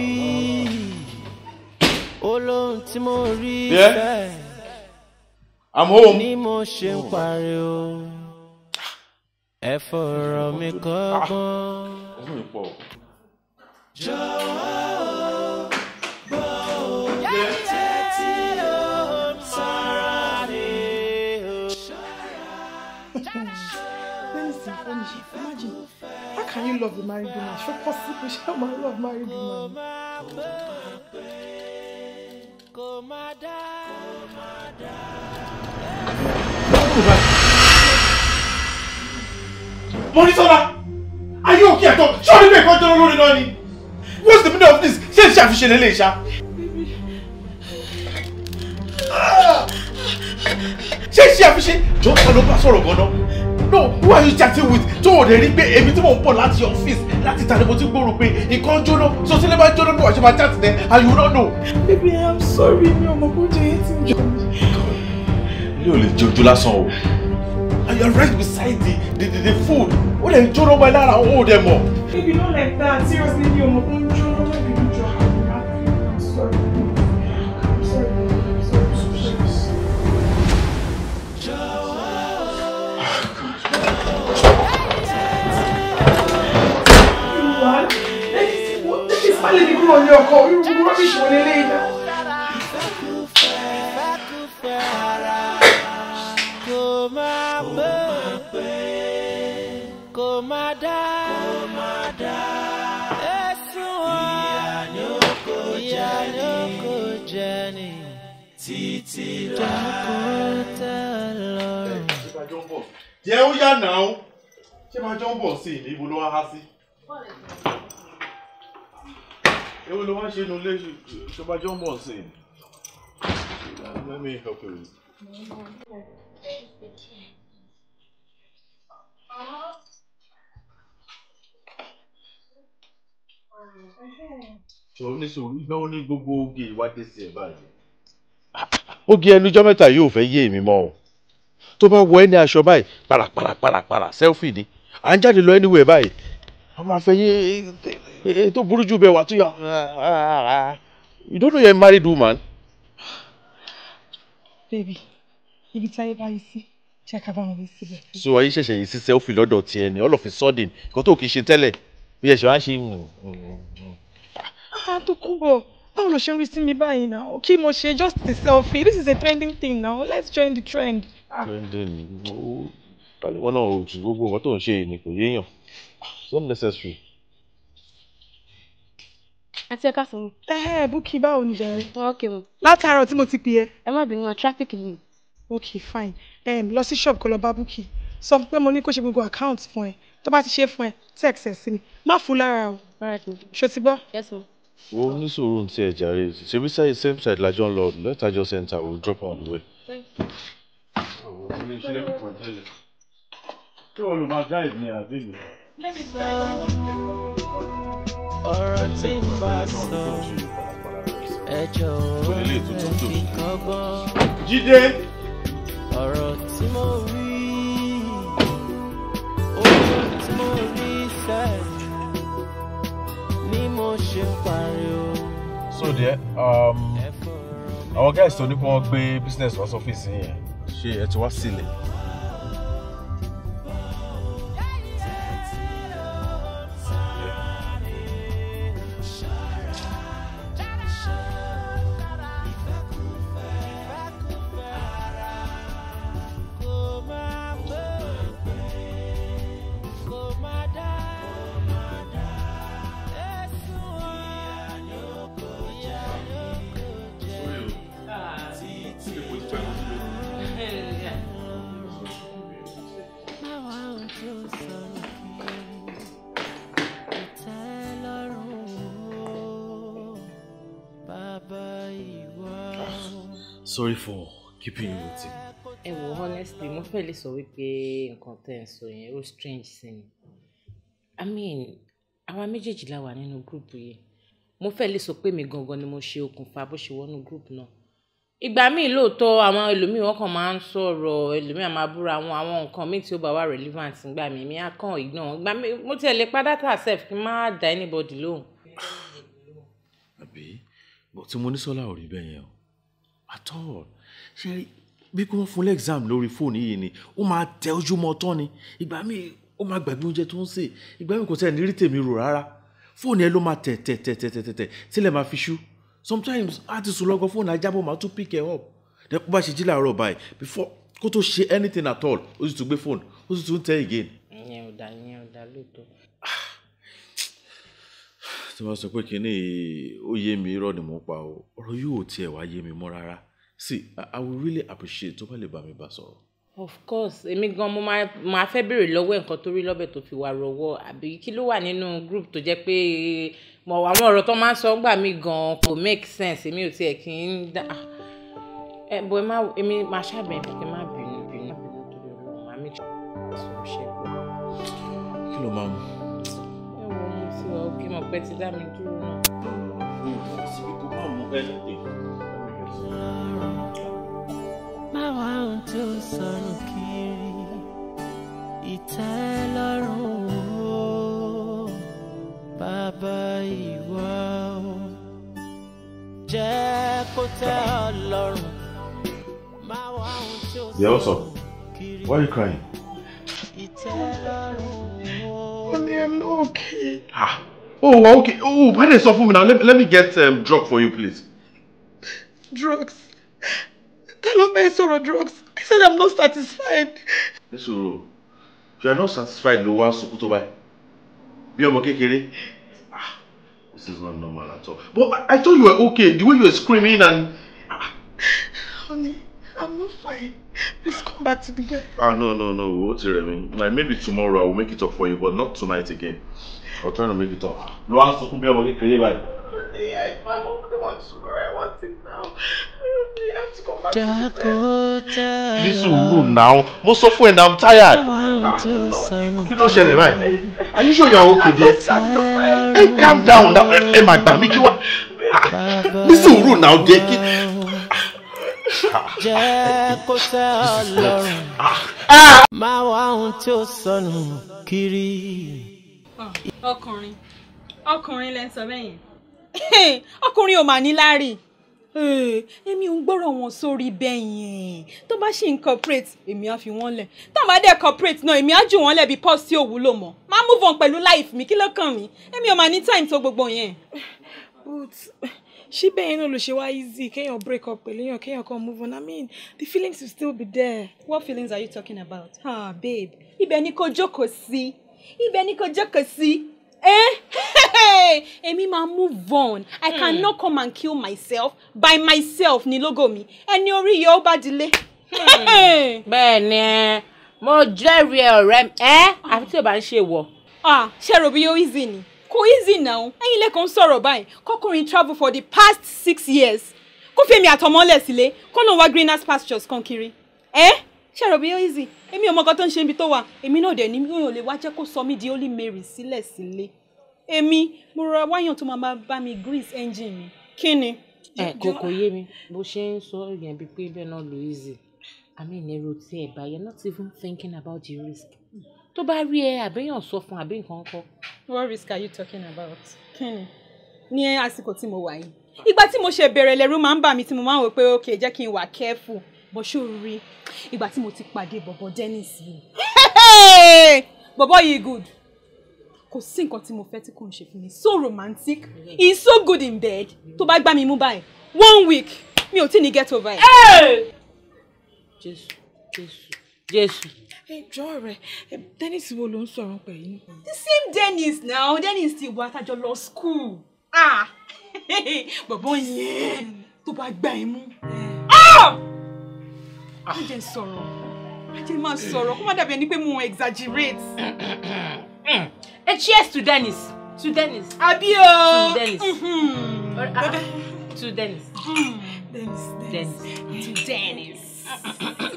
olóhùn tí mo rí bẹ́ẹ̀ ni mo ṣe ń pariwo ẹ fọ̀rọ̀ mi kọ́gbọ́n ah. jọ̀wọ́. Spanish. Imagine. How can you love the married woman? Ṣé possible ṣé my love married woman? Kò má dá. Kò are you okay at all? Surely, make one bẹ́ẹ̀ kọ́ jẹ́ olórin What's the meaning of this? Say, she have Ṣé ìṣàfihàn Say she have finished. Don't ló bá sọ̀rọ̀ gan-an no who are you chatting with tó o lè rí pé èmi tí mò ń bọ̀ láti ọ́fíìsì láti tàbí mo ti gbòòrò pé nǹkan jóná so sílẹ̀ bá jóná bí wàá ṣe máa chat there and you no know. baby i am sorry mi ò mọ bó jẹ yín ti jọ. ilé ò lè jẹ ojú lásán o and you are right beside the the the, the food ó lè jóná báyìí lára ó dẹ̀ mọ̀. baby no like that seriously mi ò mọ bó ń jóná baby. kúrò ní ọkọ irú rọ́bìṣì wọlé léyìn náà. Kò má dá, kò má dá, ẹ̀sùn wọn, ìyà ni ó kò jẹ ni, ìyà ni ó kò jẹ ni, títí láàárọ̀ jẹ́ ó yà náà ṣé máa jọ ń bọ̀ sí ìní ibo ló wá há sí ewu ló wá ṣe inú ilé ìjọba jọ ń bọ̀ sí let me help you. ṣòro ní sòrò ìgbà ó ní gbogbo oge ìwádìí sí ẹ báyìí. oge ẹnujọ́ mẹ́ta yóò fẹ́ yé mi mọ́ o tó bá wọ ẹni aṣọ báyìí parapara parapara selfie ni à ń jáde lọ anywhere báyìí wọ́n máa fẹ́ tó burú jù bẹ́ẹ̀ wà tó yà. you don't know you're a married woman. baby ibi tí ayé bá yí sí ṣe ká bá wọn síbẹ̀. so ayé ṣẹ̀ṣẹ̀ yìí sísẹ́ ó fi lọ́dọ̀ tiẹ̀ ni all of a sudden nǹkan tó kì í ṣe tẹ́lẹ̀ bí ẹ̀ṣẹ̀ wá ṣe. a tó kú bọ̀ báwo ló ṣe ń rí sí mi báyìí náà kí mo ṣe just a selfie this is a trending thing now let's join the trend. Ah. trending ni oh, wọ́n náà ò tún gbogbo nǹkan tó ń ṣe ni kò yéèyàn. It's not necessary. Àti ẹ̀ka sọ̀rọ̀. Ẹ ẹ́ Bukki báwo ni jàre? Ok o. Látàárọ̀ tí mo ti pè é. Ẹ má bínú ọ, traffic ni. Ok fine. Um, lọ sí shop kó lọ bá Bukki. Sọ fún pé mo ní kó ṣe gbogbo account fún ẹ. Tó bá ti ṣe fún ẹ, text ẹ sí mi. Má fún lára o. Ṣo ti gbọ́? Yes ma. Wo ní ti ẹ̀ jàre. Ṣèbí sáyé same side lájọ́ ń lọ. Let her just enter, we will drop her on the way. Thank you. Ṣé olùmọ̀ jáde ní àbí mi? Um, ọ̀rọ̀ ọ̀rọ̀ tí mo rí owó tí mo rí sẹ́ẹ̀ ni mo ṣe pariwo. so there um, àwọn guys tó ní kí wọ́n gbé business wá sọ́fíìsì yẹn ṣé ẹ ti wá sílẹ̀. sorry for keeping you waiting. ẹ wò honestly mo fẹ́ lè sọ wípé nǹkan tẹ́ ẹ̀ ń sọ yẹn ó strange sí mi i mean àwa méjèèjì la wà nínú gúrùpù yìí mo fẹ́ lè sọ pé mi gangan ni mo ṣe okùnfà bó ṣe wọnú gúrùpù náà ìgbà míì lóòótọ́ àwọn ẹlòmíì wọ́n kàn máa ń sọ̀rọ̀ ẹlòmíì àmà búra wọn àwọn nǹkan míì tí ó bá wà relevant ńgbà mi mi á kàn ignore wọn mo tiẹ̀ lè pa data sef kí n má da anybody lóhùn. àbí bọ̀ tí mo ní sọ́lá ò rí bẹ́ẹ̀ yẹn o at all ṣe bí kò fún exam lórí fóònù yìí ni ó máa tẹ ojúmọ́ tán ni ìgbà míì ó máa gbàgbé oúnjẹ tó ń sè ìgbà míì kò tẹ̀ ní rí tèmi rò rárá fóònù ẹ ló máa tẹ̀ tẹ̀ tẹ̀ tẹ̀ tẹ̀ tẹ̀ sílẹ̀ máa fi ṣú sometimes á ti sùn lọ́gọ́ fóònù ajábọ̀ máa tún pick it up dẹ̀ bó bá ṣe jí làárọ̀ báyìí before kó tó ṣe anything at all ó sì tún gbé fóònù ó sì tún tẹ̀ again. ìyẹn ò dá ìyẹn ò dá lóòótọ́ ah tí wọ́n sọ pé kínní ó yé mi irọ́ ni mò ń pa o ọ̀rọ̀ yóò tiẹ̀ wá yé mi mọ́ rárá see I, I will really appreciate tó bá lè bá mi bá sọ̀rọ̀. of course èmi gan mo máa máa fẹ́ béèrè lọ́wọ́ nǹkan tó rí lọ́bẹ̀ tó fi wà rọ́wọ́ àbí kí ló wà nínú group tó jẹ́ pé mọ̀ àwọn ọ̀rọ̀ tó máa ń sọ gbà mí gan kò make sense èmi ò tiẹ̀ kì í dá ah. ẹ bọ ẹ èmi máa ṣàbẹ̀yìn kí n má bínú bínú bínú torí ọ̀rọ̀ màmí kí ló máa mú mọ̀ pé ti dá mi dúró náà. báwa ń tó sọnù kiri ìtẹ́lọ́rùn o bàbá ìwà o jẹ́ kó tẹ́ ọ lọ́rùn báwa ń tó sọnù kiri. Why are you crying? ìtẹ́lọ́rùn o. Honey, I'm not okay. Ah. Oh, okay. Oh, why did they suffer me now? Let, let me get um, drugs for you, please. Drugs? Tell me, my sorrow drugs. I said I'm not satisfied. Nisuru, if you are not satisfied, no one sukuto by. Be okay, Kiri. Ah, this is not normal at all. But I, I thought you were okay. The way you were screaming and... Ah. Honey, I'm not fine. Please come back to me. Ah, no, no, no. What do you mean? Like, maybe tomorrow I will make it up for you, but not tonight again ọtún ẹnu méjì tọ. ló wá sọ fún bí ọmọ kékeré báyìí. Dakota. Ní sùúrù now. Mo sọ fún ẹ na I'm tired. You don't share the báyìí? Ayé ṣòyìn àwọn òkè díẹ̀. Ẹ calm down now. Ẹ máa gbà You want? This is rude now díẹ̀ kí. Jẹ́ kó tẹ́ ọ lọ́rùn. Máa kiri. Ah, ọkùnrin ọkùnrin lẹ ń sọ bẹ́ẹ̀ yẹn. ọkùnrin ò mà ní láárí èmi ò ń gbọ́rọ̀ wọn sórí bẹ́ẹ̀ yẹn tó bá ṣì ń corporate èmi á fi wọ́n lẹ̀ tó bá dé corporate náà èmi á jù wọ́n lẹ̀ bí pọ́s tí ò wúlò mọ́ máa move on pẹ̀lú life mi kí ló kàn mí èmi ò mà ní time tó gbogbo yẹn. but ṣé bẹ́ẹ̀ náà ló ṣe wá easy kéèyàn break up pẹ̀lú èèyàn kéèyàn kan move on i mean the feelings will still be there. what feelings are you talking about? ah babe ibẹ̀ ni kò jókòó sí ibẹ̀ ni kò jókòó sí eh? èmi máa move on i hmm. cannot come and kill myself by myself ni lógo mi ẹni orí yẹ ó bá dilé. Hmm. bẹ́ẹ̀ ni mo jẹ́rìí ọ̀rẹ́ mi ẹ́ àfi tí o bá ń ṣe wọ̀. ṣé rò bí yóò easy ni kò easy now ẹ̀yin lẹ́kọ̀ọ́ ń sọ̀rọ̀ báyìí kọ́kùnrin travel for the past six years kó fèmí àtọmọ́lẹ̀ sílé kó náà wá greeners pastures kan kiri. Eh? ṣèrò bí easy èmi ò mọ nǹkan tó ń ṣe ibi tó wà èmi náà dẹ̀ ní mi ò lè wá jẹ́ kó sọ mí di holy mary sílẹ̀ sílé èmi mo rọra wáyàn tó máa bá mi grease engine mi kí ni. ẹ kòkò yé mi bó ṣe ń sọ yẹn bíi pé bẹ́ẹ̀ náà ló easy i mean tí ẹ bá you're not even thinking about the risk tó bá rí ẹ àbẹ́yàn sọ fún àbí nǹkan kọ. what risk are you talking about? kí ni ní àsìkò tí mo wà yìí ìgbà tí mo ṣe bẹ̀rẹ̀ lẹ́rù máa ń bà mí tí mo máa ń wò pé ok jẹ́ kí n wà careful bó ṣó rí ìgbà tí mo ti pàdé bọ̀bọ̀ Dennis yìí bọ̀bọ̀ yìí good kò sí nǹkan tí mo fẹ́ tí kò ń ṣe fún mi so romantic he is so good in bed tó bá gbá mi mú báyìí one week mi ò tí ní get over it. jésù jésù jésù. ẹjọ́ rẹ̀ Dennis wo ló ń sọ̀rọ̀ pẹ̀lú nípa. the same Dennis now Dennis ti wà tájọ lọ school ah bọ̀bọ̀ yẹn tó bá gbá ẹ mú. Ah! má jẹ́ sọ̀rọ̀ má jẹ́ máa sọ̀rọ̀ kó má dàbí ẹni pé mo exaggerate. ẹ cheers to Dennis to Dennis. àbí o to Dennis. Hmm. Ah, ah, to hmm. Dennis. Dennis Dennis to Dennis.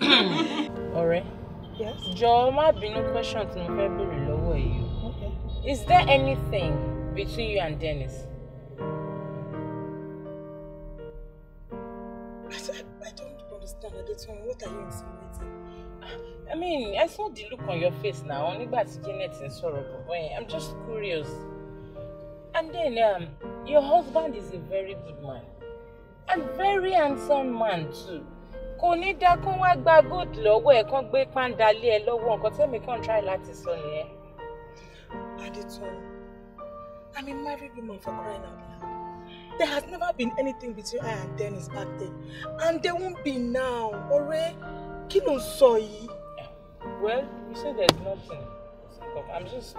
ọ̀rẹ́ jọ̀ọ́ má bínú question tí mo fẹ́ béèrè lọ́wọ́ yìí is there anything between you and Dennis? Sweet what are you insinuating? Ah, I mean, I saw the look on your face now, only tí Janet ń sọ̀rọ̀ bọ̀bọ̀ I'm just curious. And then, um, your husband is a very good man. And very handsome man too. Koni da dá kó wá gba gold lọ́wọ́ ẹ̀ kán gbé pàǹdà lé ẹ lọ́wọ́ nǹkan tẹ́mi kàn try láti sọ nìyẹn. Adétọ́n, I'm a married woman for crying out loud. There has never been anything between I and Dennis back then. And there won't be now. Ọ̀rẹ́, kí ló ń Well, you say there's nothing. I'm just,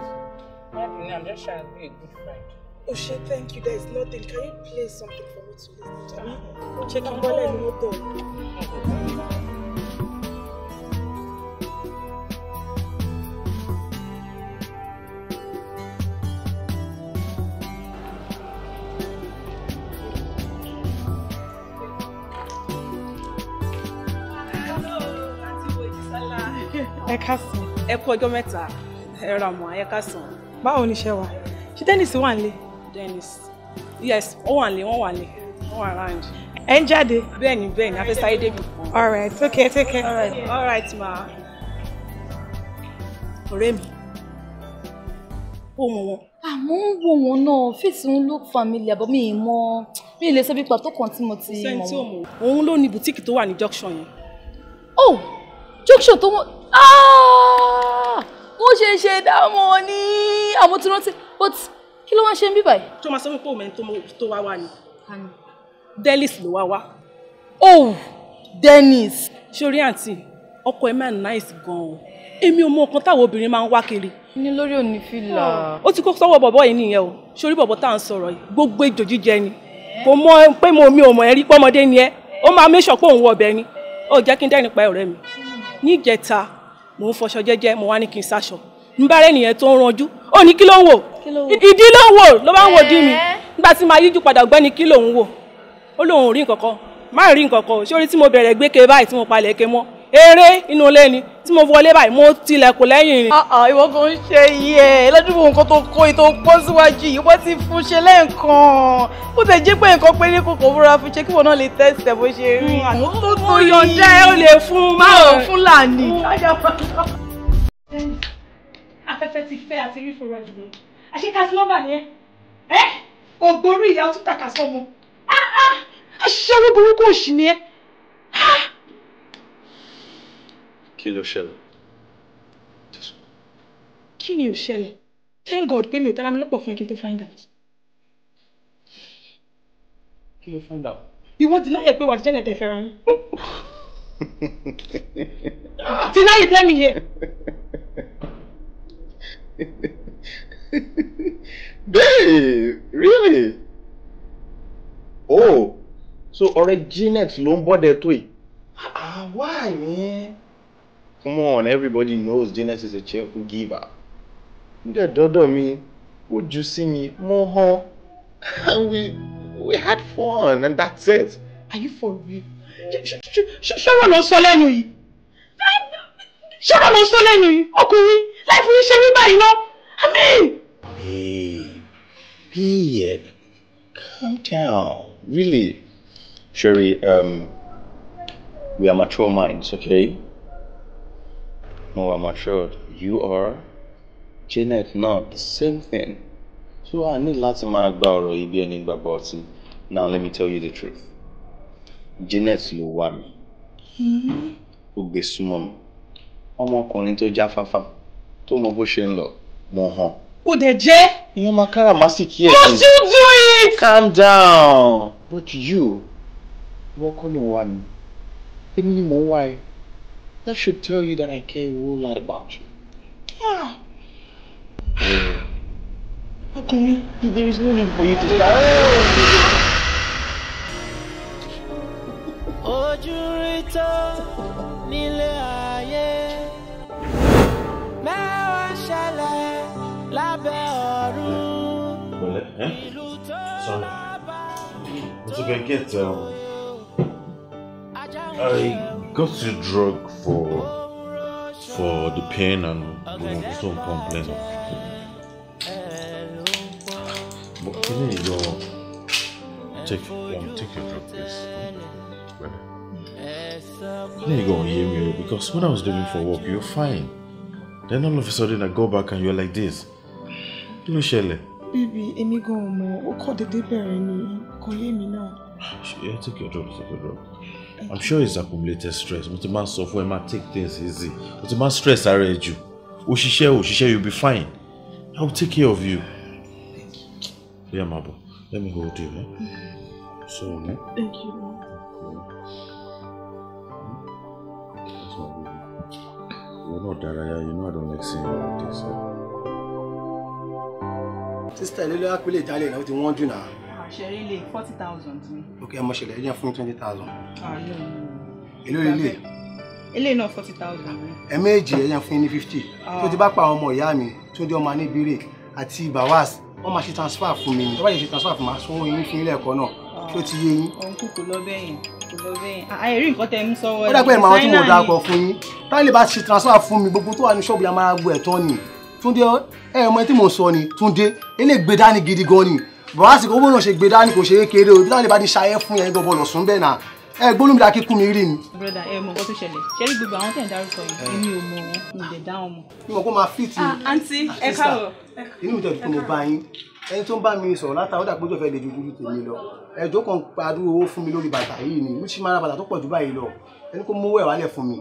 I'm just trying to be a good friend. Oshe, thank you. There's nothing. Can you play something for me to listen to? Check your wallet, no ẹ káàsán. ẹ kú ọjọ́ mẹ́ta ẹ ra mọ́ ẹ káàsán. báwo ni iṣẹ́ wa ṣé dennis wà nílé. dennis yes ó wà nílé wọ́n wà nílé wọ́n wà round. ẹ ń jáde. bẹ́ẹ̀ni bẹ́ẹ̀ni afẹsẹ débi. all right okay take care. all right all right ma. ọ̀rẹ́ mi ó mọ wọn. àmọ́ ń wo wọn náà fèsì ń look familiar but mi ì mọ mi ì lè sọ bí pàtó kan tí mo ti mọ̀ wọn. òun ló ni bùtíìkì tó wà ní junction yẹn. oh junction tó wọ́n Ah! Ah, mo ṣe ṣe dámọ̀ ní àmọ́ tí rántí but kí ló wá ṣe ń bí báyìí. tó máa sọ fún pé tó wá wá ni Dennis ló wá wá. oh Dennis. sori aunty, ọkọ ẹ máa nice gan-an èmi ò mọ nǹkan táwọn obìnrin máa ń wá kiri. ní lórí òní fìlà. ó ti kó sọ́wọ́ bọ̀bọ̀ yìí nìyẹn o sori bọ̀bọ̀ tá à ń sọ̀rọ̀ yìí gbogbo ejò jíjẹ ni kò mọ pé mo mi ò mọ̀ ẹ́ rí pọ́mọdé ni ẹ ó máa mẹ́sọ̀ pé òun wọ ọbẹ̀ ni ó jẹ́ kí n dẹ́ni pa ọ̀rẹ́ mi níjẹta mò ń fọṣọ jẹ́jẹ́ mo wá ní kí n sáṣọ n bá rẹ nìyẹn tó ń ranjú ó ní kí ló ń wò ìdí ló ń wò ló bá ń wò dí mi nígbà tí màá yíjú padà ọ̀gbẹ́ni kí lòun wò ó lóun rí nǹkan kan má rí nǹkan kan ṣé orí tí mo bẹ̀rẹ̀ gbé ke báyìí tí mo palẹ̀ ke mọ́ eré inú ilé ni tí mo wọlé báyìí mo tilẹ̀kùn lẹ́yìn rìn. Ah, ah, ìwọ kò ń ṣe iye lọ́dún nǹkan tó kó ètò pọ́ síwájú yìí wọ́n ti fún ṣe lẹ́ẹ̀kan ó ti jí pé nǹkan pé ní kòkò búra fún ṣe kí wọn náà lè tẹ̀sẹ̀ bó ṣe rí. Hmm. mo yọ̀ǹda ẹ ó lè fún máa ò fún làní. Hmm. afẹ́fẹ́ ti fẹ́ àti rí fún rẹ̀ lónìí àṣekà sí lọ́bà ni ẹ ògbórí ìyá ó tún tàkà sọ́mu ah, aṣẹ́wó burúkú òṣì ni ẹ kí ló ṣẹlẹ̀. kí ni thank god pé mi ò tẹ́lá not lọ́pọ̀ fún ẹ kí n find out. kí ló find out. ìwọ ti láyè pé wà á jẹ́ ẹ̀dẹ̀ fẹ́ràn. ti láyè tẹ́ mi yẹ. Babe, really? Oh, so ọ̀rẹ́ Janet ló ń bọ́dẹ̀ tó Ah, why man? Come on, everybody knows Janet is a cheerful giver. Ǹjẹ́ dọ́dọ̀ me, would you see me hàn. And we, we had fun and that's it. Are you for real? Ṣọ́rọ̀ ló sọ lẹ́nu yìí. Ṣọ́rọ̀ ló sọ lẹ́nu yìí. Ọkùnrin láì fún iṣẹ́ mi báyìí lọ. Amen. Babe, babe, calm down. Really. Sherry, um, we are mature minds, okay? No, I'm assured. you are Janet Not the same thing so I need láti máa gba ọ̀rọ̀ yìí bí ẹni now let me tell you the truth Janet ló wá mi ó gbé súnmọ́ mi ọmọkùnrin tó jáfáfá tó mọ bó ṣe ń lọ mo hàn. kò dẹ̀ jẹ́. ìyẹn máa kára máa sì kí you do it. calm down but you wọ́n kọ́ ló wá mi ni mò ń wá That should tell you that I care a whole lot about you. Yeah. Okay, there is no need for you to start. Oh, rí tán nílé ayé, Sorry, I was going get um, I got this drug for for the pain and you know, some complaints. But can you go take um, take your drug, please? Then you go on me because when I was leaving for work, you were fine. Then all of a sudden I go back and you're like this. You know, Shelley. Baby, Bíbí go more. mọ̀, call the déédéé bẹ̀rẹ̀ ni, call me now. náà. take your drug, take your drug. i'm sure it's accumulated stress But the man suffer, sọ fún take things easy But the mo ti máa you. Oh, she share, oh, she share. you'll be fine I'll take care of you. oya máa bọ̀ let me hold you. Eh? so ne. Eh? thank you. ìwọ náà dárayá you know i don't like seeing you like this. sísítà ilé lọ́wọ́ pélé ìjálè náà ó ti wọ́n jù náà ṣeré forty thousand ni. ok ẹ mọ ṣẹlẹ̀ ẹ jẹ́ fún twenty thousand. Ah, èló ilé. ilé náà forty thousand. ẹ méjì ẹ jẹ́ fún ní fifty. Ah. tó ti bá pa ọmọ ìyá mi tó jẹ́ ọmọ aníbírè àti bawas wọ́n máa ṣe transfer fún mi ní tó bá yẹ ṣe transfer fún mi àsùnwó yín fún ilé ẹ̀kọ́ náà ah. tó ti yé yín. òun kò kò lọ bẹ́yìn kò lọ bẹ́yìn àìrí nǹkan tẹ̀ ń sọ́wọ́ ẹ̀ dẹ́gbẹ́ ìmọ̀ àwọn tí mo dáa pọ̀ fún yín táyìlì bá ṣe transfer fún mi gbogbo tó wà ní ṣọ́ọ̀bù yà máa gbọ́ ẹ̀tọ́ ni túndé ẹ̀ ọmọ tí mo So ni túndé eléègbé dání gidi gan ni bọ̀ àsìkò owó náà ṣe gbé dání kò ṣe é kéré o bíláwọ̀ lè bá ti ṣayẹ́ fún yẹn gbọ́bọ̀ lọ̀sùn bẹ́ẹ̀ náà ẹ gbólóhùn bíi akíkú mi rí ni. broda ẹ mọ nǹkan tó ṣẹlẹ̀ ṣẹlẹ̀ gbogbo àwọn tẹ̀ ń dárúkọ yìí èmi ò mọ wọn mo dá wọn mọ. mi mọ̀ kó máa fit ni. àǹtí ah, ah, ẹ káàárọ̀. inú mi tẹ̀sí pé mo bá yín ẹni tó ń bá mi sọ̀rọ̀ látà dà pé ó jọ fẹ́ lè ju ojú tèmi lọ ẹjọ́ kan pariwo owó fún mi lórí bàtà yìí ni lùsí máa ra bàtà tó pọ̀ jù báyìí lọ ẹni kó mówó ẹ̀ wálẹ̀ fún mi.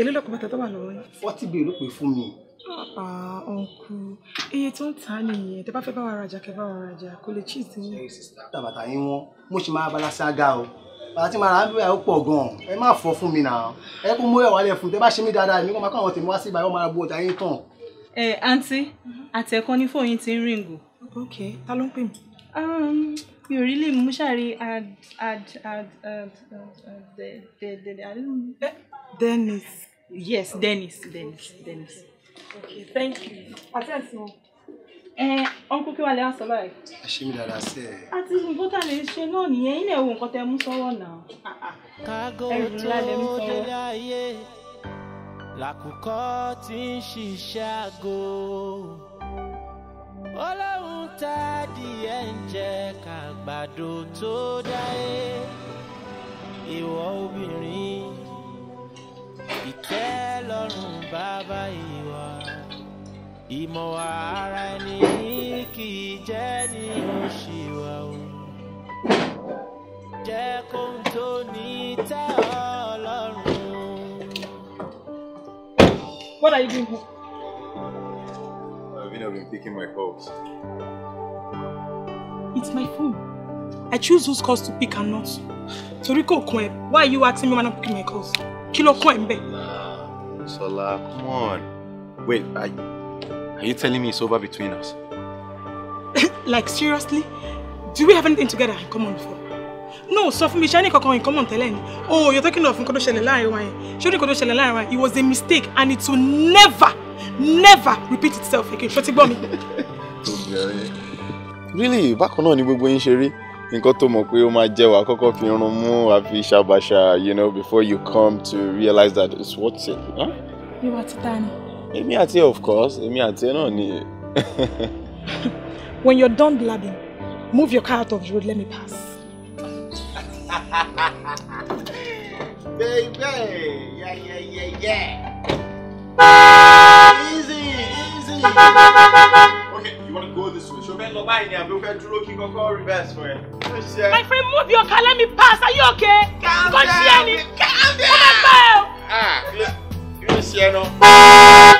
èlé lọ́kọ̀ bàtà tó wà lọ́wọ́ yìí. fọ́tì Ah, uncle. Iye tó ń ta nìyẹn. Tẹ bá fẹ́ bá wa rajà, kẹ bá wa rajà. Kò lè chíì sí. Ṣé sísá yín wọ́n? Mo ṣì máa balá ságá o. Bàbá tí màá ń bẹ̀rẹ̀ ó pọ̀ gan Ẹ má fọ́ fún mi náà. Ẹ kó mú ẹ̀wà lẹ̀ fún. Tẹ bá ṣe mí dáadáa, èmi kò máa kọ́ àwọn tèmi wá sí ìbáyọ̀ máa bu ọjà yín tàn. Ẹ àǹtí, àtẹ̀kọ́ ní fóònù ti ń ríǹgù. Ok, ta ló ń pè mí? mi ò rí lè mú ṣàrí ad ad ad ad de de de Dennis. Yes, Dennis, Dennis, Dennis. Okay, thank you. Attend to ẹ ọ̀nkú kí wàá lè sọ báyìí. ẹ ṣe mi dáadáa sí ẹ. àti nǹkan tá a lè ṣe náà tí ń ṣiṣẹ́ àgò ọlọ́run tá ẹ̀ ń jẹ kàgbàdo tó dáyé ìwọ obìnrin ìtẹ́lọ́rùn bàbá ìwà ìmọ̀ ara ẹni kì í jẹ́ ní oṣù wa o jẹ́ kó ń tó ní tẹ́ ọlọ́run. What are you doing? I've been picking my calls. It's my phone. I choose whose calls to pick and not. Torí kò kún why are you asking me when I'm picking my calls? Kí ló Sola, come on. Wait, are, are you telling me it's over between us? like, seriously? Do we have anything together Come on, before? No, sọ fún mi, ṣé a ní kankan in common Oh, you're talking of nǹkan tó ṣẹlẹ̀ láàrin wa It was a mistake and it will never, never repeat itself again. Ṣó ti gbọ́ Really, bákan náà ni gbogbo yín ṣe nǹkan tó mọ̀ pé ó máa jẹ́ wà kọ́kọ́ fi irun mú àfi ṣàbàṣà you know before you come to realize that it's worth it. ìwà títa ni. èmi àti ẹ of course èmi àti ẹ náà ni. when you're done blabbing move your car out of the road let me pass. baby yeah, yeah, yeah, yeah. easy easy. okay you want to go this way ṣo fẹ́ lọ báyìí ni àbí o fẹ́ dúró kí kọ́kọ́ reverse for ẹ. My friend, move your car. Let me pass. Are you okay? Calm down. Calm down. Come on, Ah, you see, no.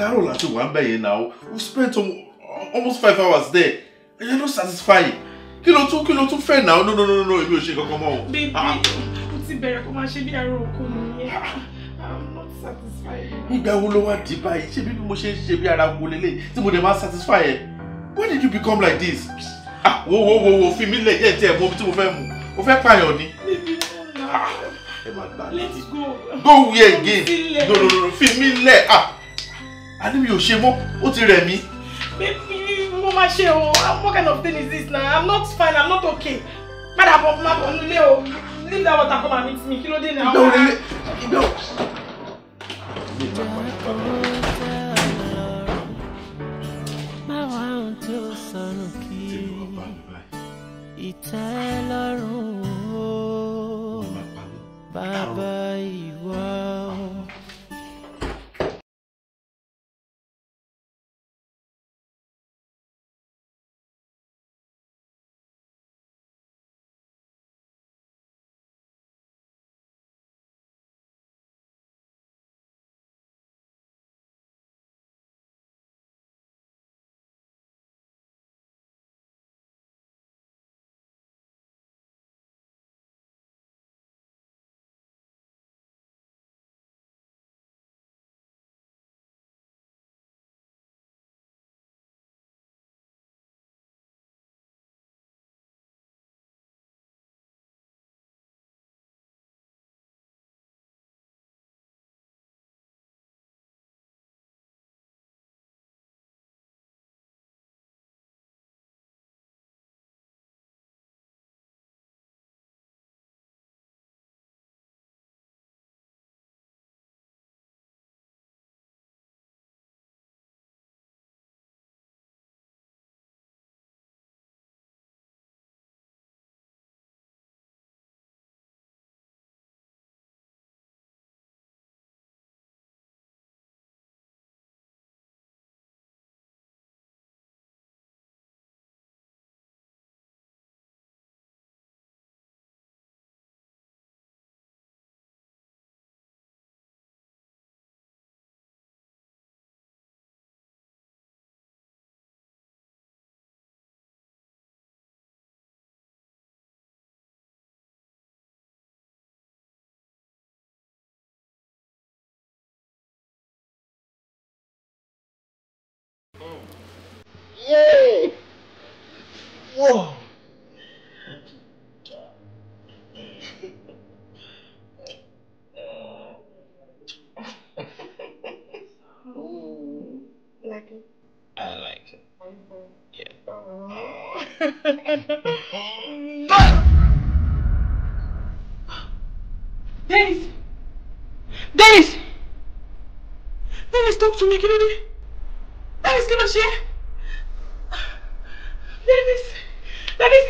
àtàárọ̀ láti wà ń bẹ̀ now. we spent almost five hours there and you're not satisfied kí ló tún kí ló now? fẹ́ no no no no èmi ò shake kankan mọ́ Baby, bébí ah, ah. mo ti bẹ̀rẹ̀ kó máa ṣe bí aró ah, i'm not satisfied. ìgbà wo ló wá di báyìí ṣé bí mo ṣe ń ṣe bí ara wo lélẹ̀ tí mo dẹ̀ máa satisfy ẹ why did you become like this? ah wo wo wo wo fi mi lẹ̀ jẹ́ tiẹ̀ mọ́ bí tí mo Baby, mu mo fẹ́ pààyàn ni. bébí ẹ máa gbà láti go go where again no no no fi mi lẹ̀ ah a ní mi ò ṣe mọ́ ó ti rẹ̀ mí. mo máa ṣe o what kind of thing is this na i'm not fine i'm not okay padà bọ̀ máa bọ̀ nílé o leave that water come and meet me kí ló dé náà. ìdáwó nílé ìdáwó. ìta Whoa! like it. I like it. Yeah. Dennis! Dennis! Dennis, stop to me.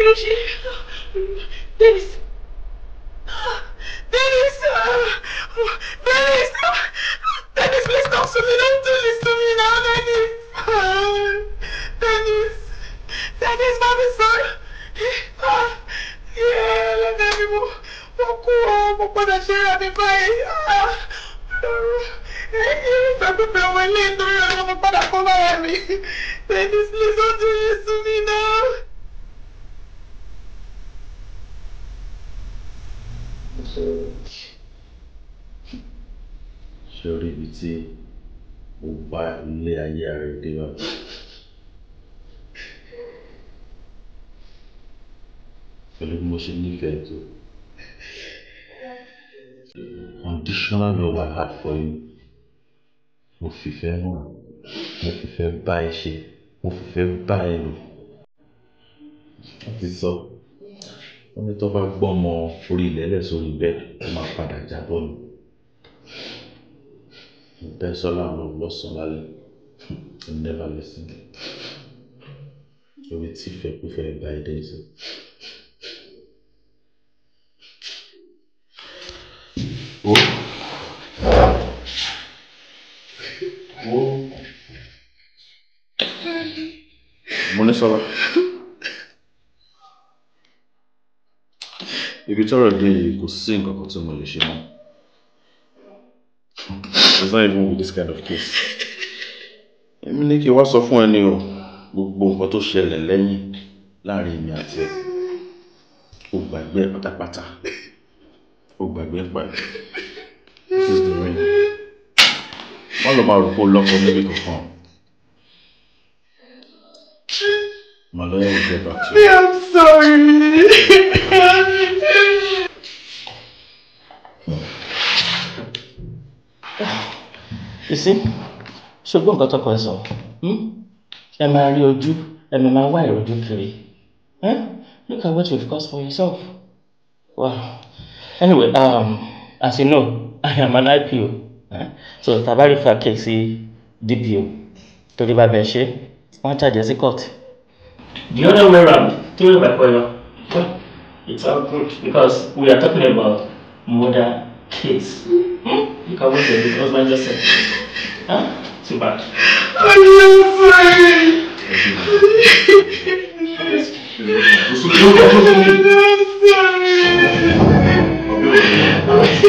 protegido. Deus. Ondisyonan yo waj had fo yon Mwou fife yon Mwou fife w pa e she Mwou fife w pa e yon An se so On e to wak bon mwen Furi lele sou libet Mwa kwa da japon Mwen ben solan mwen blos son la li Mwen never listen Yo we tife w pa e ba e den se wo wo Mọ́nísọ́lá ibi tọ́rọ̀ dé yìí kò sí nǹkan kan tí mo lè ṣe mọ́ it's not even with this kind of case èmi ní kí n wá sọ fún ẹni o gbogbo nǹkan tó ṣẹlẹ̀ lẹ́yìn láàrin èmi àti ẹ̀ ò gbàgbé pátápátá o gbàgbé pàdé excuse the rain wọ́n lọ máa rò pé ó lọ́kọ níbi kankan. My lawyer will get back to you. I'm sorry. you see, ṣùgbọ́n nǹkan tọkọ sọ, hmm? ẹ máa rí ojú, ẹ máa wá ìrojú kiri. Hmm? Look at what you've caused for yourself. Wow. Anyway, um, as you know, I am an IPO so tàbá rí fa cake sí DPO torí bá be ṣe wọ́n ṣàjẹ́ sí court. the other way round tí wọ́n bá it's all good because we are talking about murder case you can wait till the husband just said huh? too bad. I'm sorry. I'm sorry.